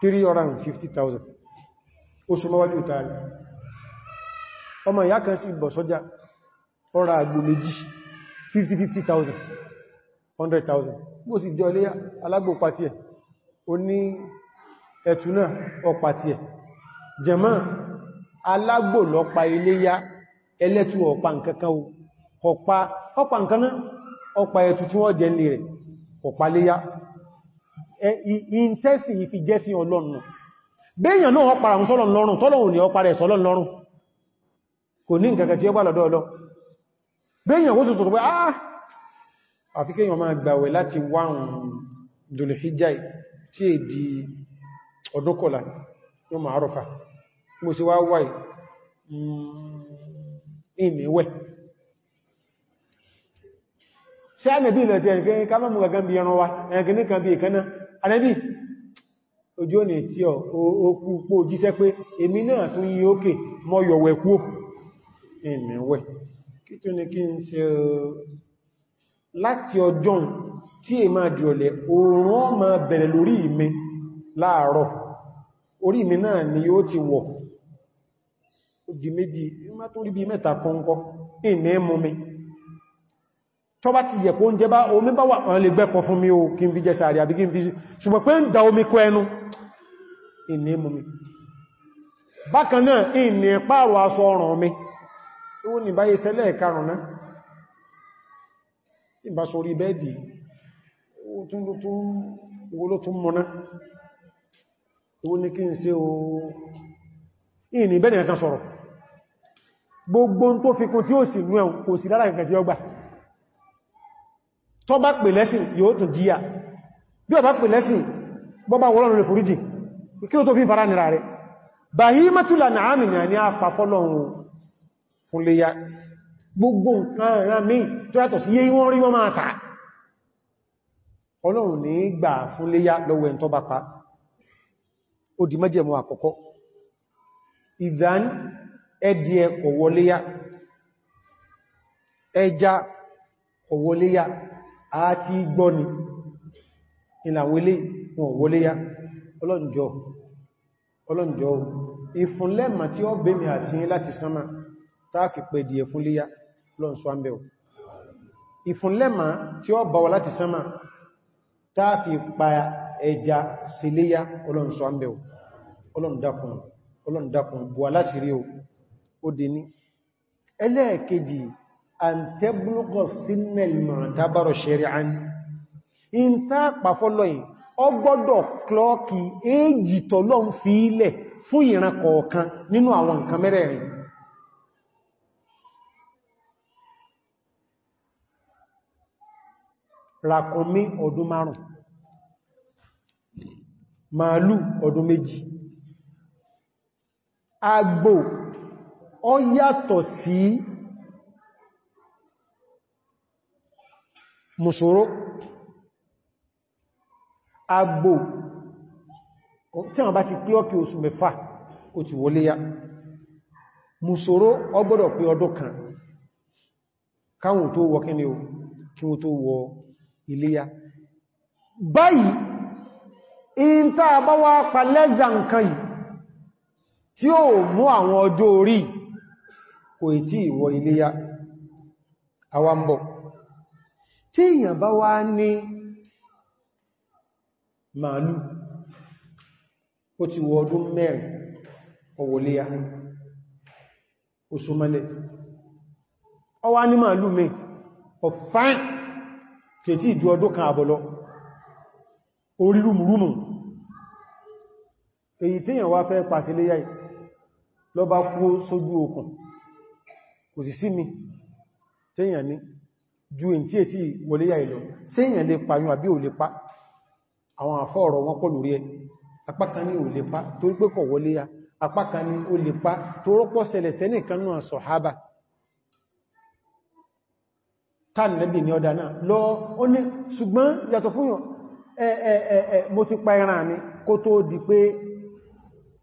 350,000 oṣù mọ́wájú ìtàrí ọmọ ìyá kan sí ìbọ̀ sọ́jà àgbò méjì 50,000 100,000 bó sì jọ ilé alágbò pàtí ẹ̀ o ní ẹ̀tù ọpàtí ẹ̀ jẹ̀mọ́ alágbò lọ́pa ilé ẹlẹ́tù ọ̀pá nkankan ọ̀pá ọ̀pá nkaná ọ̀pá ẹ̀tù tí wọ́n jẹ ní rẹ̀ ọ̀pá lé ìntẹ́sì ìfi jẹ́ ọlọ́run àfi kéèyàn máa gbàwẹ̀ láti wáhùn dùlùhíjáì tí è di ọdún kọlá yóò máa rọ̀fà mo sì wá wáì mm, ìmìwẹ̀ ṣe ànàbí ilẹ̀ tí ẹ̀rìn ká mọ́mù gagán bí ẹran wa ẹ̀rìn nìkan bí ìkaná ànàbí ojú ò ní tí ọ okú pò jíṣẹ́ pé èmi náà tún yí ókè mọ́ yọ̀wẹ̀ kú ìmìwẹ̀ kí tún ní kí ń ṣe láti ọjọ́ tí è máa jùọlẹ̀ oòrùn ó máa bẹ̀rẹ̀ lórí mi láàárọ̀ orí mi náà ni yóò ti wọ̀ di méjì má tó rí bí mẹ́ta kọ́ńkọ́ ìní mú mi tó bá ti yẹ̀kó oúnjẹ bá omi bá wà ọ̀n lè gbẹ́kọ fún mi o kí n fi jẹ sàárì àbí kí n fi ṣùgbọ́n pé ń da tí bá sórí bẹ́ẹ̀dì ìwò ló tún mọ́ná ìwò ní kí n ṣe o ìní bẹ́ẹ̀dì ẹ̀kan sọ̀rọ̀ gbogbo tó fi kún tí ó sì ní ẹ̀hùn kò sí lára ìkẹ̀ tí ó gbà tó bá pè lẹ́sìn yóò tún jíyà bí ó bá pè lẹ́sìn bọ́bá wọ́lọ́run lè foríjì kí ó tó fi fara nìra rẹ̀ bàhí mẹ́tùlà náà àmì ní a gbogbo nǹkan mi tó yàtọ̀ sí yé wọ́n rí wọ́n máa tà ọlọ́run ní gbà fún léyá lọ́wọ́ ẹ̀ntọ́ bá pa ó di májẹ̀mú àkọ́kọ́ ìdán ẹdìẹ kọ̀wọ́léyá ẹja kọ̀wọ́léyá àti gbọ́ni ìlànà ilé wọn wọléyá ọlọ́njọ́ ọlọ́njọ́ ìfúnlẹ́mà tí ó bèmì àti láti sánmà táàfi pẹ̀dìẹ̀ fún léyá lọ́n sọ àmbẹ̀ ìfúnlẹ́mà tí ó bá wà láti sánmà táàfi pa ẹja síléyá ọlọ́n sọ àmbẹ̀ ọlọ́n dákun ọlọ́n dákun bùwà láṣìírí ó dé ní ẹlẹ́ẹ̀kejì àntẹ́bùlùkọ̀ sínẹ̀lì mọ̀tàbárọ̀ ṣẹ̀rìán in ta pàfọ́lọ́yìn ọ gbọ́dọ̀ klọ́ọ̀kì èjì tọ́lọ́n ràkúnmí ọdún márùn màálù ọdún méjì àgbò ó yàtọ̀ sí mùsòrò àgbò tí wọ́n bá ti pé ọkì oṣù mẹ́fà ó ti wọlé ya mùsòrò ó pé ọdún kan káwọn tó wọ kí ni o kí wọ́n tó wọ Ìléyà báyìí in tá a bá wá pa lẹ́zà nǹkan yìí tí ó mú àwọn ọjọ́ orí kò ì tí ìwọ iléyá àwambọ̀ tí èyàn bá wá ní màálù ó ti wọ ọdún mẹ́rin ọwọ̀léyá oṣù mẹ́lẹ̀ ọwá ní màálù mẹ́ ọ̀fáìn kètí ìjú ọdún kan àbọ̀lọ orí rúmùrúmù èyí tíyàn wá fẹ́ pàṣẹ léyà lọ bá kú sójú okùn kò sì sí mi tíyàn ní ju èyí tí ètí wọléyà ìlọ síyàn lè pàyún àbí ò lè pa àwọn àfọ́ ọ̀rọ̀ wọn pọ̀ lórí ẹ apá kan ní ò lè pa torí pé kọ̀ wọléyà apá kan ní ò lè pa torópọ̀ ṣẹlẹ̀ sẹ́nìkan náà sọ̀hábà tánàbì ní ọdá náà lọ ó ní ṣùgbọ́n yàtọ̀ fún yàn ẹ̀ẹ̀ẹ̀ẹ̀ mo ti pa ẹran mi kó tó di pé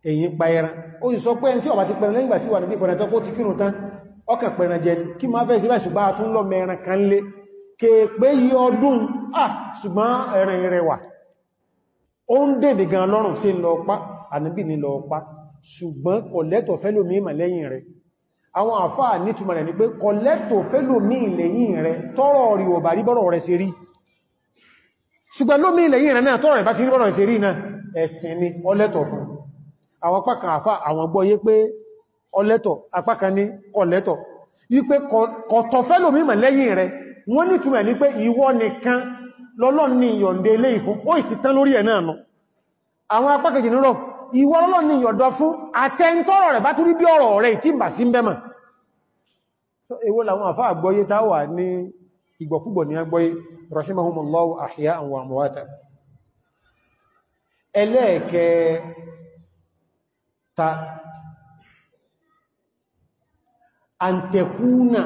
èyìn pa ẹran ó sì sọ pé ẹni tí ọba ti pẹ̀rẹ̀ lẹ́yìngbà tí wà níbi ìpẹ̀rẹ̀ tó ti kírun tán ọkàn pẹ̀rẹ̀ jẹ kí máa fẹ́ sílẹ̀ ṣùgbọ́n pa àníbì ní lọ pa ṣùgbọ́n kò lẹ́tọ̀ fẹ́lòmí ìmà lẹ́yìn àwọn àfáà ní túnmà rẹ̀ ní pé kọlẹ́tò fẹ́lò mí ilẹ̀yìn rẹ̀ tọ́rọ rí ọ̀bà rí bọ́rọ̀ rẹ̀ sí rí ṣùgbọ́n ló mí ilẹ̀yìn rẹ̀ náà tọ́rọ rẹ̀ bá ti rí bọ́rọ̀ sí rí náà ẹ̀sìn ni ọlẹ́tọ̀ fún àwọn apákan àfáà àwọn gbọ́yé pé ọlẹ́tọ̀ apákan ní kọlẹ́tọ̀ wípé kọ̀tọ̀ fẹ́lò mí lẹ́yìn rẹ̀ wọ́n ní túnmà ní pé ìwọ nìkan lọ́lọ́ ni ìyọ̀ǹde ilé ìfún ó ìtìtán lórí ẹ̀ náà nù àwọn apákejì nírọ̀ ìwọ Ọlọ́run ni yọ̀dọ̀ fún àtẹ́ntọ́rọ̀ rẹ̀ bá tún rí bí ọ̀rọ̀ rẹ̀ tí bà sí mẹ́mà ewó làwọn àfá àgbọ́yé táwà ní ìgbọ̀kúgbọ̀ ní agbọ́yé rahimahumullahu ahya'an wa amwata ẹlẹ́ẹ̀kẹta antekuna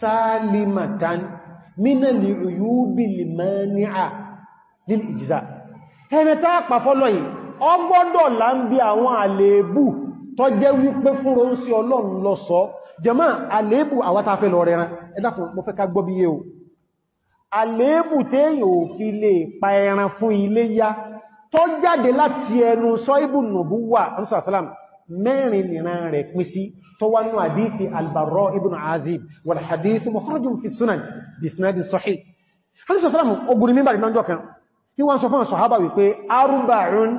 salimatan minal uyubi limani'a lil ẹmẹta àpàfọ́lọ́ yìí ọgbọ́dọ̀ là ń bí àwọn àlèébù tó jẹ́ wípé fúnrọ ń sí ọlọ́run lọ sọ jẹmọ́ àlèébù àwátafẹ́ lọ rẹran ẹdàkùn mo fẹ́ ká gbọ́ bí yé o àlèébù téèyàn ò fi lè pa ẹran fún iléyá tó jáde láti ẹnu sọ ibùnùbú wà nsàsálàm mẹ́rin nìran rẹ̀ pín sí tó wá nú àdífi albarro ibn azib wal hadith mukhrajun fi sunan bisnadi sahih kí wọ́n sọ fún ṣọ̀hábà wípé arúbàrún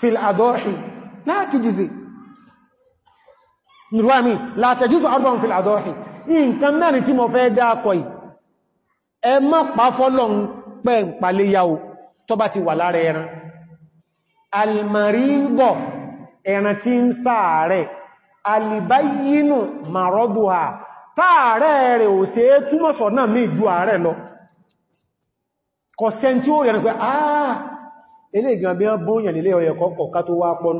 fil adọ́ọ̀hì láti jìzì nìrúwàmí látẹ̀júsù arúbàrún fil adọ́ọ̀hì nǹkan mẹ́rin tí mọ̀ fẹ́ dákọ̀ yìí ẹ má pa fọ́lọ́n pẹ́ pàléyàwó tó bá ti wà lára ẹran almaríbọ̀ ẹran tí ń sáàrẹ̀ alìbáyínú màrọ́dùhà táàrẹ rẹ̀ ò ṣe é túmọ̀ sọ náà mí ìjú ààrẹ lọ kọ̀ sẹ́n tí ó rẹ̀ nípa àà ilé ìgbìyàn bí wọ́n bóyàn nílé ọyẹ̀ kọ́kọ̀ ká tó wá pọ́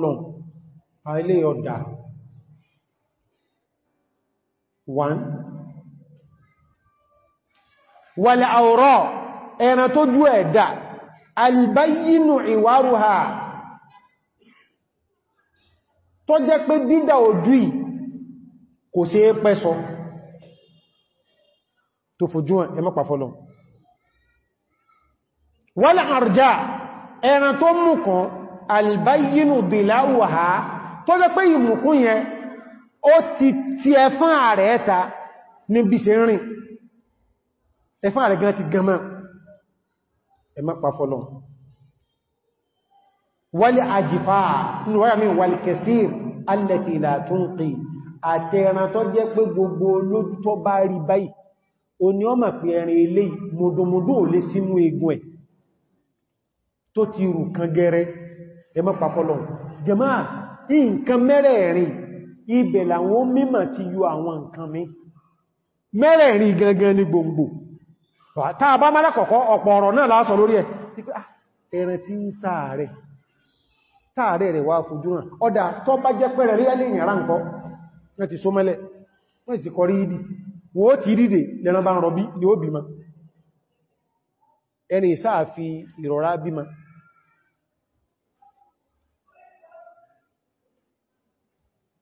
ilé ọ̀dà 1 wàlẹ̀ àwòrọ̀ ẹran tó jú ẹ̀dà albayinu ìwárùhà tó jẹ́ pé dídà òdú kò ṣe é pẹ́sọ tó fojú ẹ mọ́pàá fọ́lọ̀ wọ́n àrjá ẹran tó mú kan albayinu dìláwàá tó jẹ́ pé ìmùkún yẹn ó ti ti ẹfán ààrẹ ẹta níbi ṣe rìn ẹfán ààrẹ gẹ́rẹ́ ti gẹ́mọ́ ẹ mọ́pàá fọ́lọ̀ wal àjìfà níwáyà mi wal kasir allati la tunqi àtẹ̀ẹ̀ràn tó jẹ́ pé gbogbo olójú tó bá rí báyìí o ní ọmọ pé ẹrin ilé mọ̀dọ̀mọ̀dọ̀ ò lè sínú egun ẹ̀ tó ti rù kan gẹ́rẹ́ ẹmọ́ papọ̀lọ̀ jẹmọ́ nǹkan mẹ́rẹ̀ẹ̀rin ibẹ̀ làwọn mímọ̀ ti yọ àwọn nǹkan mi mẹ́rẹ̀ẹ̀rin gangan ní gbòǹgbò bá ah, wọ́n ti mẹ́lẹ̀ wọ́n ti wọ́n ti dìde lẹ́ran bá ń rọbí ni ó bímọ ẹni ìsáàfi ìrọ̀rá bímọ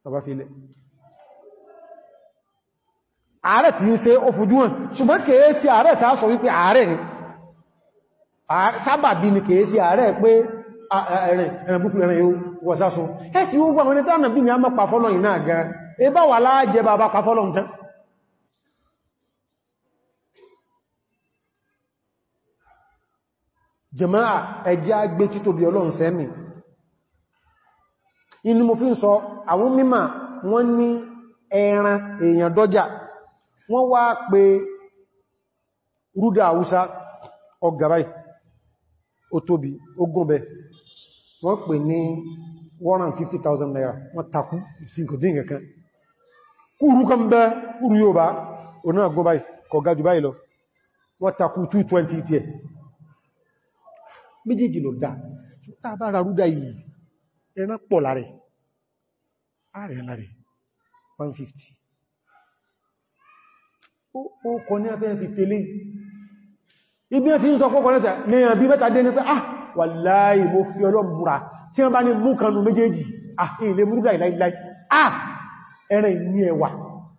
ọbáfilẹ̀ ààrẹ ti ń ṣe ó fojú wọn ṣùgbọ́n kèé sí ààrẹ tàà sọ wípé ààrẹ ni sábàbí ni kèé sí ààrẹ pé ẹ̀rìn búkú ẹ̀rìn yóò wọ̀sásun jamaa ẹjẹ́ agbé títóbi ọlọ́run sẹ́mì inú mo fi ń sọ àwọn mímọ̀ wọ́n ní ẹran èèyàn dọ́jà wọ́n wá pé rúdà àwúsá ọgàráì ó tóbi ogún bẹ wọ́n pè ní 150,000 naira wọ́n takú sí kò dín kankan kúrú kan bẹ́ kúrú yóò bá onáà gbọ́ báyìí kọ̀ gájú báyìí lọ wọ́n takú 220 méjèèjì ló dá tá bá ra rúdá yìí ẹran pọ̀ lárẹ̀ ààrẹ lárẹ̀ 150 ó kọ ní afẹ́ fi tẹ́lé ibi tí ń sọ kọ́kọ́ lẹ́ta ní ẹ̀yàn bí mẹ́ta dé ní ah wàláhì mo fi ọlọ́mùra tí wọ́n bá ní ah ilé múrúdá ìláìláì ah ẹ̀rẹ̀ ní ẹwà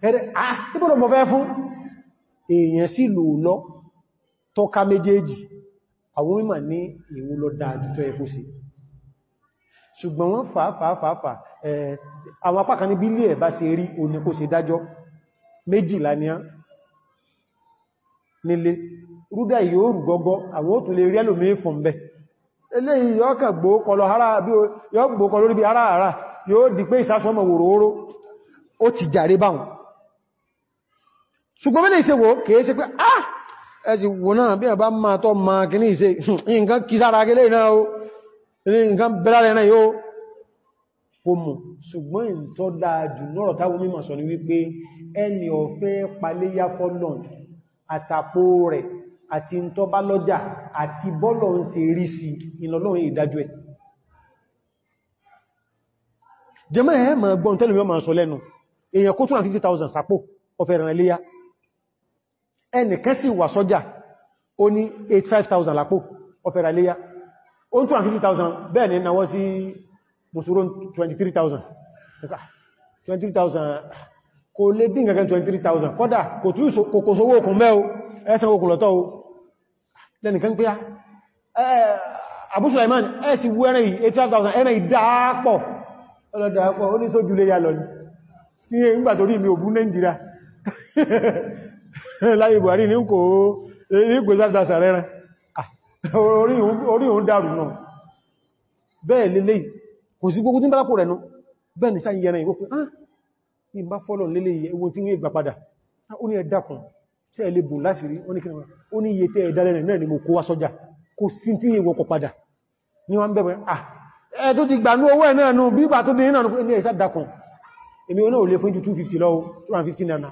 ẹ̀rẹ̀ ah ibọ́dọ̀ mọ̀ fẹ́ fún èèyàn sí lòó lọ tọ́ka méjèèjì àwọn mímọ̀ ní iwu ló dáa jù tó yẹ kó ṣe ṣùgbọ́n wọ́n fàáfàáfàá àwọn apákan ní bílé ẹ̀ bá se rí òní kó ṣe dájọ́ méjìlá ní á nílé rúdá yóò rù gọ́gọ́ àwọn òtún lè rí ẹlòmí ẹ̀sì wòná bí ẹ̀bá máa tọ́ máa kì ní ìṣe nǹkan kì sára gẹ́lẹ̀ náà o nǹkan bẹ̀rẹ̀ náà yóò kò mù ṣùgbọ́n ìntọ́ dáadù lọ́rọ̀ táwọn mímọ̀ sọ ní wípé ẹni ọ̀fẹ́ paléyá fọ́lọ̀n àtàpò rẹ̀ àti ìntọ́ bá lọ́jà àti ẹnìkan sì wà sọ́jà ó ní 85,000 lápò ọfẹ́ra iléyá ó ń 250,000 bẹ́ẹ̀ ni náwọ́ sí mùsùlùm 23,000 23,000 kò lè dín gẹ́gẹ́ 23,000 kọ́dà kò tún kòkòsówó okùn mẹ́ o ẹsẹ̀ okùn lọ́tọ́ o lẹ́nìkan pé Abu Sulaiman ẹ̀sì wú ẹ̀rẹ̀ 85,000 ẹ̀rẹ̀ ìdáápọ̀ ọlọ́dáápọ̀ ó ní sójú lé yà lọ ní ìgbà torí mi ò bú láyé buhari ní kò ní kò sáàdásà rẹ̀rẹ̀ ah, orí òun dárù náà bẹ́ẹ̀ lélẹ̀ kò sí gbogbo tí ń bá lápò rẹ̀ nú bẹ́ẹ̀ ni sáà yẹrẹ ìwó pé ah ní bá fọ́lọ̀ lélẹ̀ ewu tí wọ́n gbà padà ah, ó ní ẹ̀dàkùn tí ẹ lè bù lásìrí ó ní iye tẹ́ ẹ̀dàlẹ̀ náà ni mo kó wá sọ́jà kò sí wọ́n bẹ̀rẹ̀ ah ẹ tó ti gbà ní owó ẹ̀ náà nù bí bà tó dín náà ní ẹ̀sá dàkùn èmi ó lè fún ju 250 lọ́wọ́ 250 náà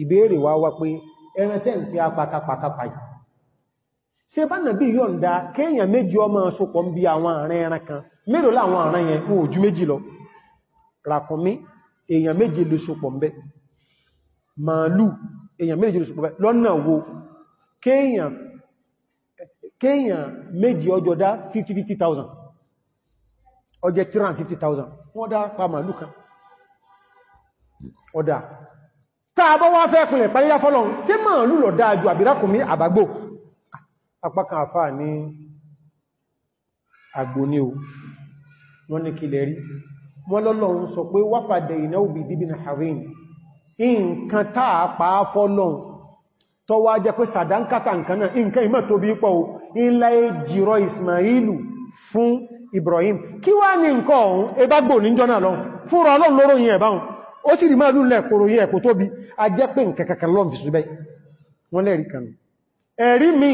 ìbéèrè wá wá pé ẹran tẹ́ ń pè apakapakapa yìí ṣe bá nàbí da kéèyàn méjì ọmọ sopọ̀ ń bí àwọn àárín ẹran kan mélòó láwọn àárín yẹn fún ojú méjì lọ ràkúnmí èèyàn méjì lè sopọ̀ ń bẹ màálù èèyàn méjì lè sopọ̀ ń bẹ lọ́nà wo kéèyàn kéèyàn méjì ọjọ́ dá 50,000 ọjẹ́ 350,000 wọ́n dá pa màálù kan ọ̀dá taa wá fẹ́ kùnlẹ̀ paríyá fọ́lọ̀n sí máa lúlọ̀ dáadù àbírákùnmí àbágbò apákan àfáà ní àgbóní o wọ́n ní kílẹ̀ rí wọ́n lọ́lọ́run sọ pé wáfàdẹ̀ ìnáwòbí díbìn harin nǹkan táà pàá fọ́lọ̀n tó wá bí Ismailu fúnra ọlọ́run ó sì rí máa lúlẹ̀ kòrò yẹ ẹ̀kò tóbi a jẹ́ pé nkẹ̀kẹ̀kẹ̀ lọ́n fi ṣùgbẹ́ wọ́n lẹ́rí kan ẹ̀rí mi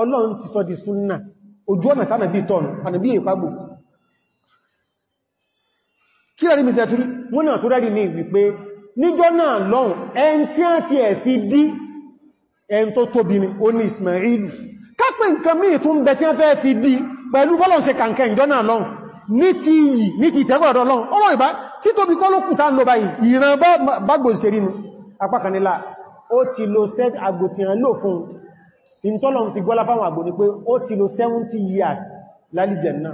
ọlọ́run ti sọ di súnnà ojú ọ̀nà tánàbí tọ́nù tánàbí ìpagbò kí rẹ̀ mi tẹ́túrí wọ́n tó rẹ́rí ní wípé níjọ́ náà lọ́hùn ẹn tí a ti ẹ̀ fi dí ẹn ni ó ní Ismailu kápẹ́ nǹkan míì tún bẹ tí a fẹ́ fi ní ti yìí ní ti ìtẹ́kọ̀ ọ̀dọ̀ ọlọ́run ọlọ́ ìbá tí tóbi kọ́ ló kùtà ń lọ báyìí ìran bágbò ìṣẹ́rí ni apákanilá ó ti lo set àgbò ti ràn lò fún ìntọ́lọ̀ ti gbọ́lá fáwọn àgbò ní pé ó ti lo 70 years lálìjẹ̀nà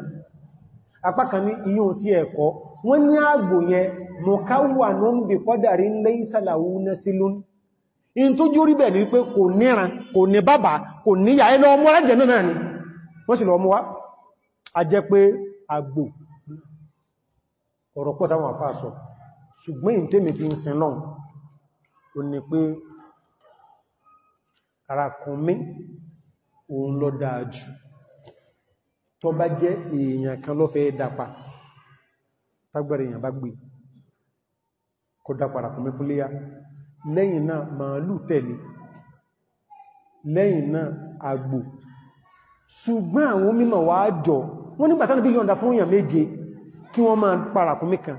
apákaní iyún ti ẹ̀kọ́ wọ́n ní àgbò yẹn mọ̀káwà ló ń bè kọ́dàrí ń lé ìsàlàwú nẹ́sílún in tó jú rí bẹ̀ ní pé kò níran kò ní bàbá kò níyà agbò ọ̀rọ̀ pọ̀ táwọn àfáà sọ ṣùgbọ́n ìyìn tèmi fi ń sin náà o ní pé ràkúnmí òun lọ dáájú tó bá jẹ́ èèyàn kan ló fẹ́ dápa tágbàrẹ̀ èèyàn bá gbé kó dápa ràkúnmí fún léyá lẹ́yìn náà màálù tẹ̀lé lẹ́yìn náà agbò ṣùgbọ́n àwọn mímọ̀ wá jọ wọ́n nígbà tánàbí yọ̀nda fún èèyàn méje kí wọ́n máa parakùnmí kan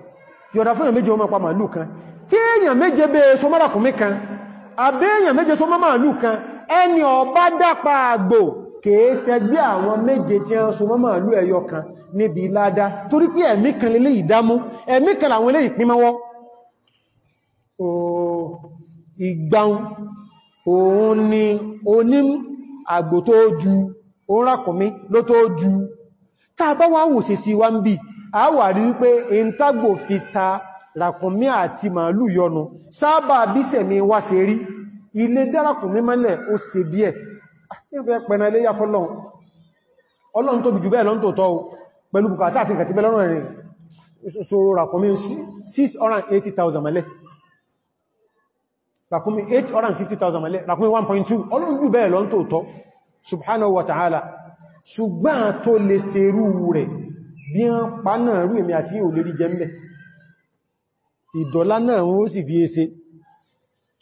yọ̀nda fún èèyàn méje wọ́n máa pa màálù kan tí èèyàn méje bẹ́ so márakùnmí kan àbẹ́ èèyàn méje so màálù kan ẹni ọba dápa àgbò kèésẹgbé àwọn méje tí wọ́n so màálù ẹyọ kan níbi ládá torí pé ẹ̀mí kan lè ìdámú ẹ̀mí kan làwọn lè ìpínmọ́wọ́ ìgbàun òun ni oní àgbò tó ju orákùnmí ló tó ju tàbá wá wò sí sí wá ń bí a wà rí wípé ìntagbò fi ta ràkùnmí àti màálù yọnu sábà bíṣẹ̀ mi wá ṣe rí ilé dárakùnmí mẹ́lẹ̀ ó ṣe díẹ̀ ah, ọlọ́run tóbi jù bẹ́ẹ̀ lọ́n tó tọ́ pẹ̀lú bùkátà àti ìkàtí bẹ́lọ́rùn ẹ̀rin so ràkùnmí 680,000 mẹ́lẹ̀ ràkùnmí 850,000 mẹ́lẹ̀ ràkùnmí 1.2 ọlọ́run jù bẹ́ẹ̀ lọ́n tó tọ́ subhanahu wa ta'ala ṣùgbọ́n tó lè ṣerú rẹ̀ bí i pa náà rú èmì àti ìhò lérí jẹ́mẹ́ ìdọ̀lá náà wọ́n sì fi ẹsẹ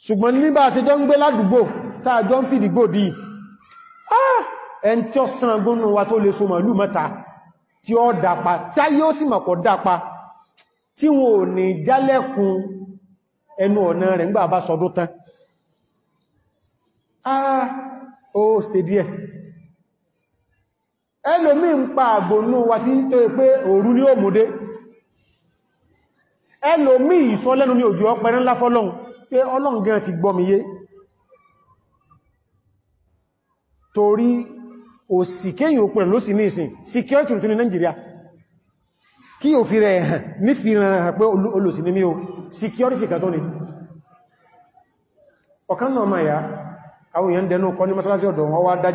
ṣùgbọ́n níbà àti jọ ń gbé ládùúgbò táà jọ ń fìdìgbò bí ah, ẹn tí ó sàn gúnnù wa tó lè so màlú mẹ́ta tí ó dápa tá yóò sì mọ̀kọ̀ dápa tí wọn ò ní ẹnu ọ̀nà rẹ̀ ńgbà bá sọdún tán ah ó ṣe díẹ̀ ẹlòmí ń pa àgbònú wa ti ń tó pé òru ní òmùdé ẹlòmí ìsọlẹ́nu ní òjò ọpẹrẹ ńlá fọ́lọ́un pé ọlọ́run gan ti gbọmiyé torí òsìkéyìn òpẹrẹ ló sì ní ìsìn security tún ní Nigeria kí o fi rẹ̀ hàn ní fi rẹ̀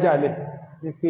ya pé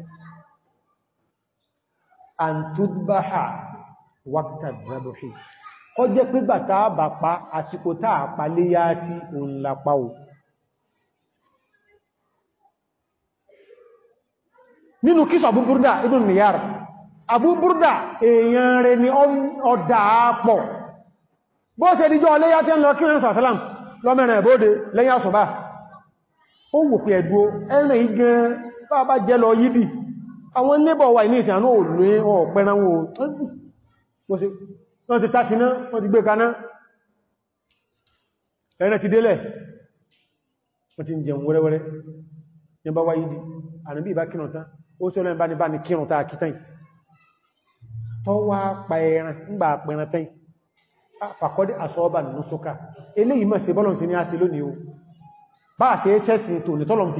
àntúdbáhà wákàtàdàbòhì kọ́ jẹ́ pígbà táà bà pa àsìkò táà pa lé yá sí òun lápá o nínú kíso Abu Burda ibn Niyar Abu Burda èèyàn rẹ̀ ni ọdá pọ̀ bó ṣe díjọ́ léyá tí ń lọ kí rẹ̀ sàṣálàm lọ́mẹ́rin ẹ̀bóde lẹ́yìn àṣùbá ó wò pẹ̀ ẹ̀rìn igan bá bá jẹ́ lọ yídì àwọn nébọ̀ wà ní ìsìn àánú òlú ọ̀pẹ́ránwò wọ́n ti tàtíná wọ́n ti gbé kaná ẹ̀rẹ́ ti délẹ̀ wọ́n ti jẹun wẹ́rẹ́wẹ́rẹ́ ní bá wáyé dì ànàbí ìbá kírùn tán ó sí ọlọ́rin bá ní bá ní kírùn tán àkítàn tọ́ wá pa ẹran ńgbà pẹran tán fàkọ́dé àsọ́ọ́bà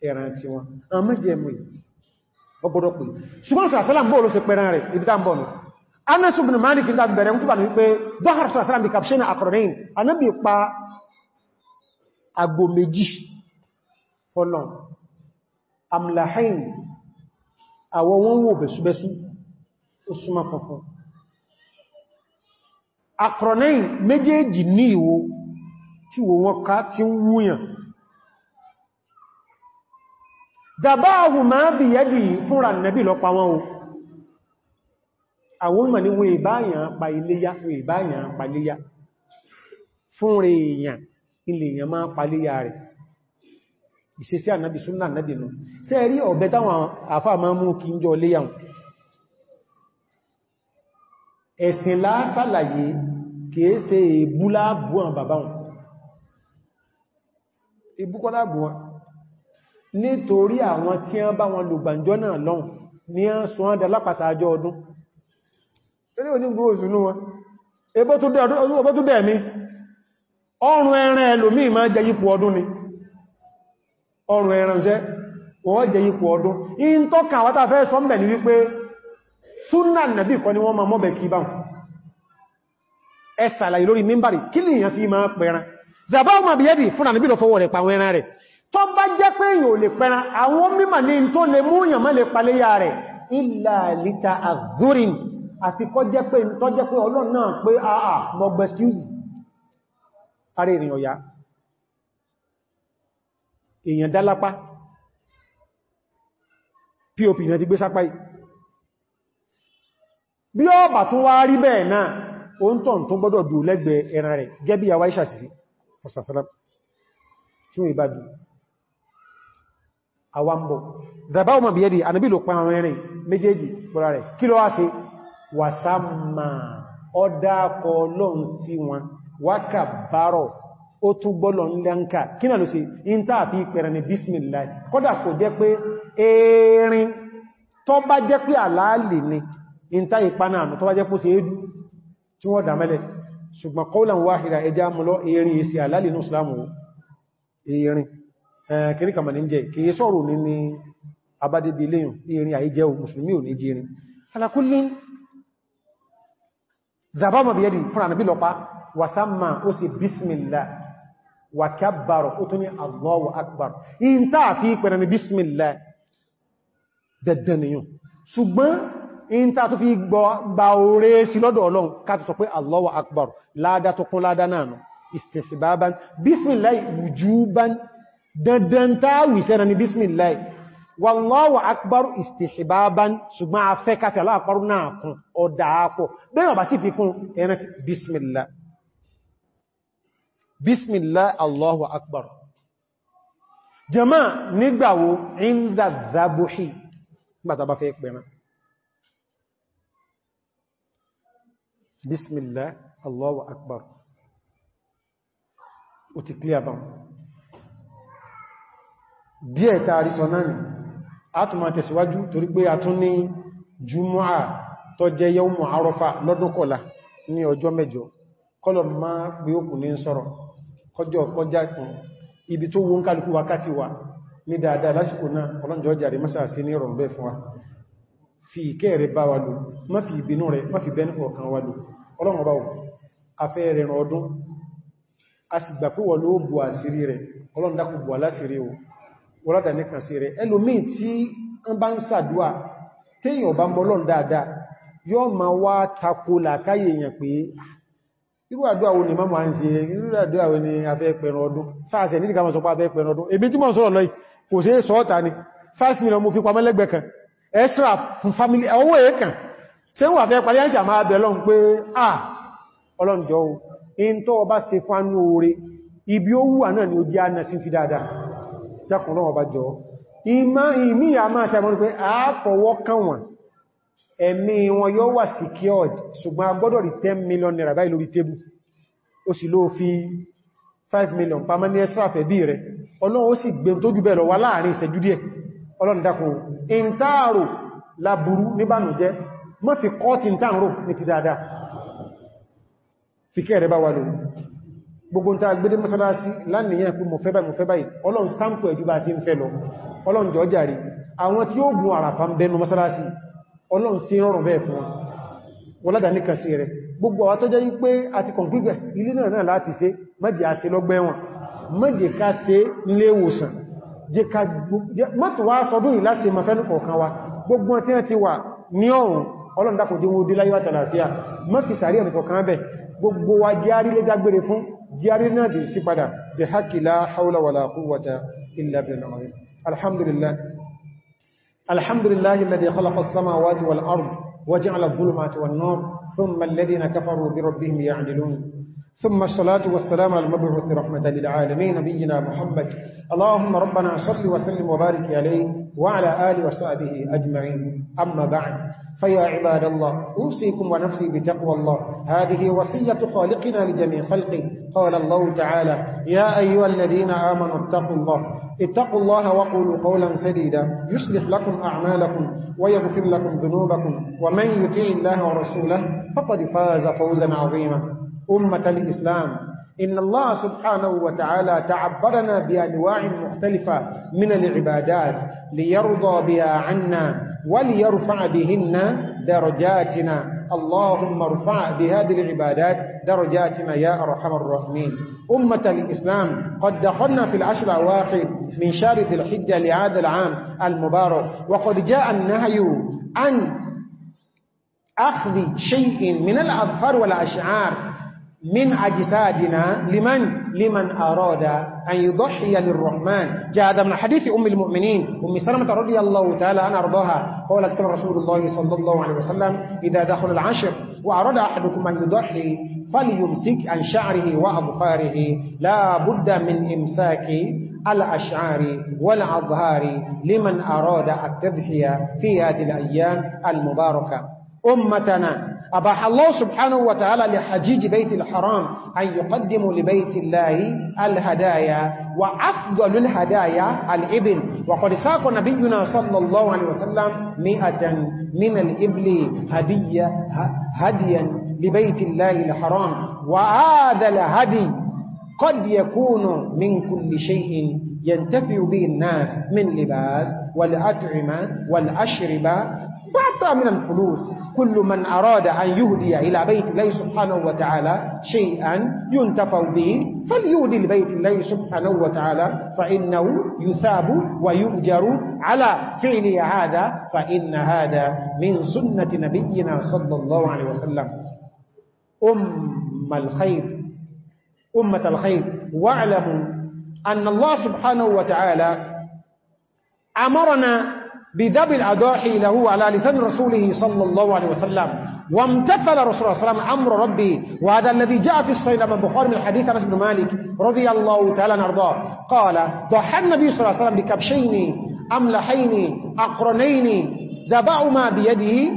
ẹran tí wọn àwọn méjì ẹmù ọgbọ̀dọ̀ pè ṣùgbọ́n sàásálàm bóòlù sí pẹ̀rán rẹ̀ ibi tá ń bọ̀ nù anẹ́sù bin malik ní tàbí bẹ̀rẹ̀ mútúbà ní wípé dọ́hàr sàásálàm bí kàpṣẹ́nà àkọrọ̀nẹ́yìn anábì pa àgbò méjì fọ́lọ̀n amlahain àwọ wọn wò ká tí ń wúyàn dàbáhù máa bí yẹ́dì fúnra nẹ́bí lọ pa wọn o àwọn ìmọ̀ ni wọ́n ìbáyàn pa iléyá wọ́n ìbáyàn pa iléyá fúnra èèyàn ilé èèyàn máa pa iléyá rẹ̀ ìṣesí ànábì súnnà ànábì nù ṣe rí ọ̀bẹ táwọn àfáà máa mú kí ń jọ léyà ẹ̀sìn lásàlàyé kìí ṣe nítorí àwọn tí a bá wọn lògbàǹjọ́ náà lọ́hùn ní a sọ ọ́dá lápàtà àjọ ọdún ilé onígbò òsùnú wọn ebó tó dẹ̀ mi ọrùn ẹran ẹlòmí jẹ yípo ọdún ni ọrùn ẹranṣẹ́ wọ́n jẹ yípo ọdún ni ma ẹsàlàyé lórí mímbàrí kí ni yàn fi máa pẹ̀ran zàbáwọn màbíyẹ́dì fún fọwọ́ rẹ̀ pàwọn tó bá jẹ́ pé èyàn ò lè pẹran àwọn mímọ̀ ní tó lè mú èyàn mọ́ lè paléyà rẹ̀ ìlà lítà àzúrin àti kọ́ jẹ́ pé tó jẹ́ pé ọlọ́n náà pé àà mọ́ gbẹ̀skúsì ara ènìyàn ya èyàn dálápá pop náà ti tún ìbájú àwambọ̀ zàbá ọmọ bí yẹ́dì ànàbí ló pa àwọn ẹ̀rìn méjèèjì pọ̀lá rẹ̀ kí ló wá sí wàsámà ọdákọ̀ lọ́n sí wọn wákà bárọ̀ ó tún gbọ́lọ̀ ńlẹ́ǹkà kí náà ló sí fi pẹ̀rẹ̀ ní bismillah koda kò jẹ́ pé erin tó bá jẹ́ pé àlàálì ni in tàà ìpaná àmì tó bá jẹ́ pé ó sì édú tí wọ́n dámẹ́lẹ̀ ṣùgbọ́n qawlan ẹjá mọ́lọ́ erin èsì àlàálì ní ìsìlámù erin kìrí kàmà ní jẹ kìí sọ́rọ̀ ní ní abádébí iléyàn ní irin àíjẹ́ o musulmi ò ní jí irin alákúlé zabama bí yẹ́dì fún ànàbí lọ́pá wasamma ó sì bismillah wà kábàrọ̀ ó tó ní allahu akbar in ta fi pẹ̀rẹ̀ ní bismillah dẹ̀dẹ̀niyàn ṣùgbọ́n in ta tó fi gba dandan táàwì sẹ́ra ní bismillah wallahu akbar istihbaban ṣùgbọ́n afẹ́ káfẹ́ aláàparú náà kún ọdá àpọ̀ bẹ́yàn bá sì fi kún ẹran bismillah bismillah allahu akbar jama nígbàwo inda zabuhi bàtà bá fẹ́ pẹ̀rán bismillah allahu akbar díẹ̀ tààrí sọ náà a tún máa tẹ̀síwájú torí pé a tún ní jùmọ́à tó jẹ́ yawmu Àrọ́fà lọ́dún ní ọjọ́ mẹ́jọ kọlọ̀ máa pé ó ní kọjọ kọjá kan ibi tó wọ́n kálukú wákàtí wa ní dáadáa lásìkò náà ọlọ́njọ́ jàrí mọ́sà fi wọ́lọ́dà ní kàn sí rẹ̀ ẹlòmí tí ń bá ń sàdúwà téèyàn bá mọ́lọ́n dáadáa yóò ma wá tako làkáyè èèyàn pé irú àdúwà wo ni mọ́mọ́ à ń ṣe irú àdúwà wo ni a fẹ́ pẹ̀rọ ọdún sáàsẹ̀ extra family owó èèkàn tí wọ́n fẹ́ parí àṣà ah ọlọ́njọ́ in tó ọba ṣe fún anú oore ibi ó ni ó jẹ́ ànà sí ti dáadáa dákùn lọ́wọ́ bá jọ ìmí a máa ṣe àmọ́ pé a fọwọ́ kàn wọ́n ẹ̀mí wọn yóò wà secured ṣùgbọ́n a gbọ́dọ̀ rí 10 million naira báyìí lórí tébù ó sì ló fi 5 million pa mẹ́ni ẹ́sìrà fẹ́ bí rẹ̀ ọlọ́run ó sì gbé tó jù bẹ́ẹ̀ lọ wá láàrin gbogbo ta gbé dé mọ́sánásí lánìyàn pé mo fẹ́ báyìí mo fẹ́ báyìí ọlọ́run sáàmù ẹ̀jú bá sí ń fẹ́ lọ ọlọ́run jọ jàrí àwọn tí ó gùn àràfà ń bẹnu mọ́sánásí ọlọ́run sí rọrùn bẹ́ẹ̀ fún wọn ládà ní kàṣí rẹ̀ gbogbo àwọn tó jẹ́ wípé àti kọ̀ǹkúgbẹ̀ ilé náà náà láti ṣe mẹ́jẹ̀ àṣẹ lọ́gbẹ́wọ̀n mẹ́jẹ̀ ká ṣe nílé ìwòsàn mọ́tò wá sọdún ìláṣẹ mafẹ́nù kọ̀ọ̀kan wa gbogbo tí wọ́n ti wà wa jẹ́ àrílẹ́dágbére fún جارينا دي dì بحق لا حول ولا قوة إلا wala الحمد لله الحمد لله الذي خلق السماوات والأرض وجعل الظلمات والنور ثم الذين كفروا بربهم يعدلون ثم الصلاة والسلام على المبعوث رحمة للعالمين نبينا محمد اللهم ربنا صل وسلم وبارك عليه وعلى آله وصحبه أجمعين أما بعد فيا عباد الله أوصيكم ونفسي بتقوى الله هذه وصية خالقنا لجميع خلقه قال الله تعالى يا أيها الذين آمنوا اتقوا الله اتقوا الله وقولوا قولا سديدا يصلح لكم أعمالكم ويغفر لكم ذنوبكم ومن يطع الله ورسوله فقد فاز فوزا عظيما أمة الإسلام إن الله سبحانه وتعالى تعبرنا بأنواع مختلفة من العبادات ليرضى بها عنا وليرفع بهن درجاتنا اللهم ارفع بهذه العبادات درجاتنا يا أرحم الراحمين أمة الإسلام قد دخلنا في العشر الأواخر من شارد ذي الحجة لهذا العام المبارك وقد جاء النهي عن أخذ شيء من الأظهر والأشعار من أجسادنا لمن؟ لمن أراد أن يضحي للرحمن جاء هذا من حديث أم المؤمنين أم سلمة رضي الله تعالى أنا أرضاها قال كتب رسول الله صلى الله عليه وسلم إذا دخل العشر وأراد أحدكم أن يضحي فليمسك عن شعره وأظفاره لا بد من إمساك الأشعار والأظهار لمن أراد التضحية في هذه الأيام المباركة أمتنا أباح الله سبحانه وتعالى لحجيج بيت الحرام أن يقدموا لبيت الله الهدايا وأفضل الهدايا الإبل وقد ساق نبينا صلى الله عليه وسلم مئة من الإبل هدية هديا لبيت الله الحرام وهذا الهدي قد يكون من كل شيء ينتفع به الناس من لباس والأطعمة والأشربة وحتى من الفلوس كل من أراد أن يهدي إلى بيت الله سبحانه وتعالى شيئا ينتفع به فليهدي لبيت الله سبحانه وتعالى فإنه يثاب ويؤجر على فعل هذا فإن هذا من سنة نبينا صلى الله عليه وسلم أم الخير أمة الخير واعلموا أن الله سبحانه وتعالى أمرنا بذب الأضاحي له على لسان رسوله صلى الله عليه وسلم وامتثل رسول الله صلى الله عليه وسلم أمر ربه وهذا الذي جاء في الصحيح لما بخار من حديث أنس بن مالك رضي الله تعالى نرضاه قال ضحى النبي صلى الله عليه وسلم بكبشين أملحين أقرنين ذبعهما بيده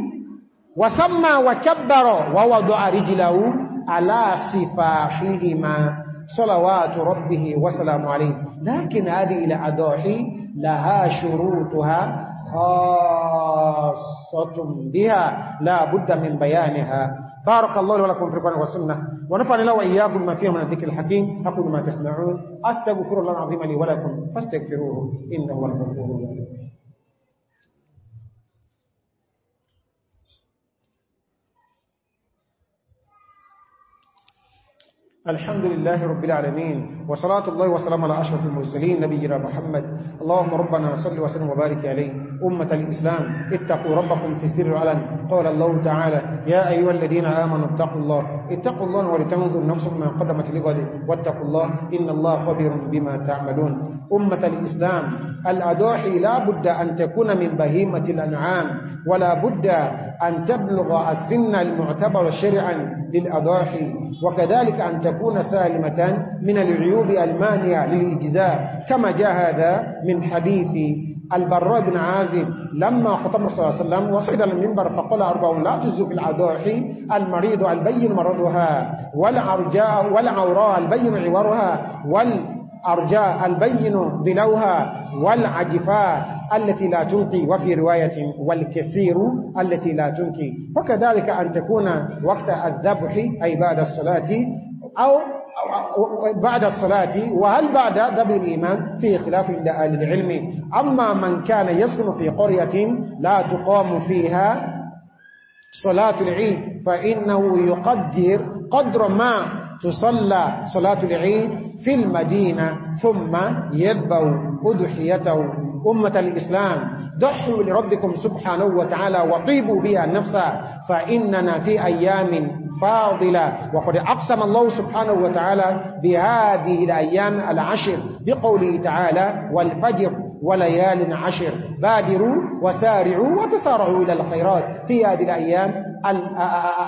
وسمى وكبر ووضع رجله على سفاحهما صلوات ربه وسلام عليه لكن هذه الأضاحي لها شروطها خاصة بها لا بد من بيانها بارك الله ولكم في القرآن والسنة ونفعني الله وإياكم ما فيه من الذكر الحكيم أقول ما تسمعون أستغفر الله العظيم لي ولكم فاستغفروه إنه هو الغفور الرحيم الحمد لله رب العالمين وصلاة الله وسلام على أشرف المرسلين نبينا محمد اللهم ربنا صل وسلم وبارك عليه أمة الإسلام اتقوا ربكم في السر علن قال الله تعالى يا أيها الذين آمنوا اتقوا الله اتقوا الله ولتنظر نفس ما قدمت لغد واتقوا الله إن الله خبير بما تعملون أمة الإسلام الأضاحي لا بد أن تكون من بهيمة الأنعام ولا بد أن تبلغ السن المعتبر شرعا للأضاحي وكذلك أن تكون سالمة من العيوب المانية للإجزاء كما جاء هذا من حديث البراء بن عازب لما خطب صلى الله عليه وسلم وصعد المنبر فقال أربعون لا تجزوا في الأضاحي المريض البين مرضها والعرجاء والعوراء البين عورها وال أرجاء البين ضلوها والعجفاء التي لا تنقي وفي رواية والكسير التي لا تنقي وكذلك أن تكون وقت الذبح أي بعد الصلاة أو بعد الصلاة وهل بعد ذب الإيمان في خلاف عند أهل العلم أما من كان يسكن في قرية لا تقام فيها صلاة العيد فإنه يقدر قدر ما تصلى صلاة العيد في المدينة ثم يذبوا أدحيته أمة الإسلام ضحوا لربكم سبحانه وتعالى وطيبوا بها النفس فإننا في أيام فاضلة وقد أقسم الله سبحانه وتعالى بهذه الأيام العشر بقوله تعالى والفجر وليال عشر بادروا وسارعوا وتسارعوا إلى الخيرات في هذه الأيام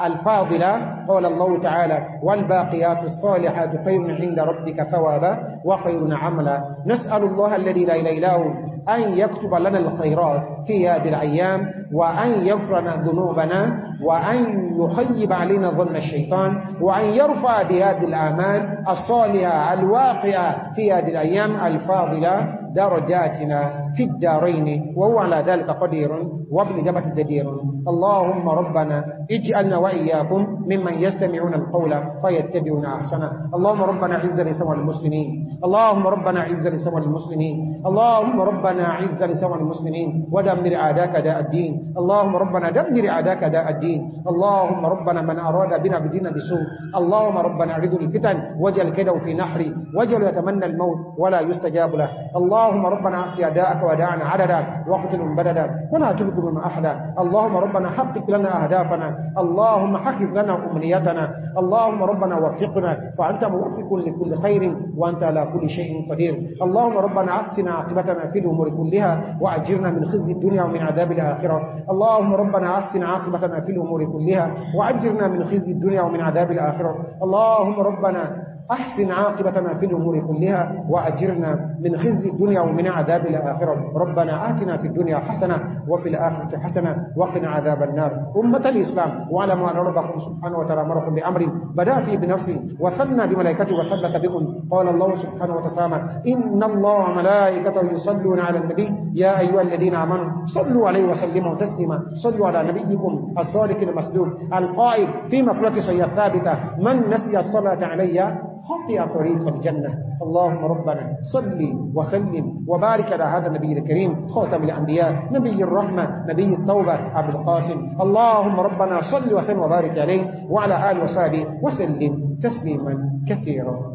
الفاضلة قال الله تعالى والباقيات الصالحات خير عند ربك ثوابا وخير عملا نسأل الله الذي لا إله إلا هو أن يكتب لنا الخيرات في هذه الأيام وأن يغفرنا ذنوبنا وأن يخيب علينا ظن الشيطان وأن يرفع بهذه الآمان الصالحة الواقعة في هذه الأيام الفاضلة درجاتنا في الدارين وهو على ذلك قدير وبالإجابة جدير اللهم ربنا اجعلنا وإياكم ممن يستمعون القول فيتبعون أحسنه اللهم ربنا عز لسوى المسلمين اللهم ربنا عز لسوى المسلمين اللهم ربنا عز لسوء المسلمين ودمر عاداك داء الدين اللهم ربنا دمر عاداك داء الدين اللهم ربنا من أراد بنا بدين بسوء اللهم ربنا عرض الفتن وجل كده في نحري وجل يتمنى الموت ولا يستجاب له اللهم ربنا أعصي أداءك وداعنا عددا واقتلهم بددا ولا تلقوا من أحدا اللهم ربنا حقق لنا أهدافنا اللهم حقق لنا أمنيتنا اللهم ربنا وفقنا فأنت موفق لكل خير وأنت على كل شيء قدير اللهم ربنا أحسنا عاقبتنا في الأمور كلها وأجرنا من خزي الدنيا ومن عذاب الآخرة اللهم ربنا أحسن عاقبتنا في الأمور كلها وأجرنا من خزي الدنيا ومن عذاب الآخرة اللهم ربنا أحسن عاقبتنا في الأمور كلها وأجرنا من خزي الدنيا ومن عذاب الآخرة ربنا آتنا في الدنيا حسنة وفي الآخرة حسنة وقنا عذاب النار أمة الإسلام واعلموا أن ربكم سبحانه وتعالى أمركم بأمر بدأ فيه بنفسه وثنى بملائكته وثبت بكم قال الله سبحانه وتسامى إن الله ملائكته يصلون على النبي يا أيها الذين آمنوا صلوا عليه وسلموا تسليما صلوا على نبيكم الصالح المسلوب القائل في مقلة سيئة ثابتة من نسي الصلاة علي خطي طريق الجنة اللهم ربنا صل وسلم وبارك على هذا النبي الكريم خاتم الأنبياء نبي الرحمة نبي التوبة عبد القاسم اللهم ربنا صل وسلم وبارك عليه وعلى آله وصحبه وسلم تسليما كثيرا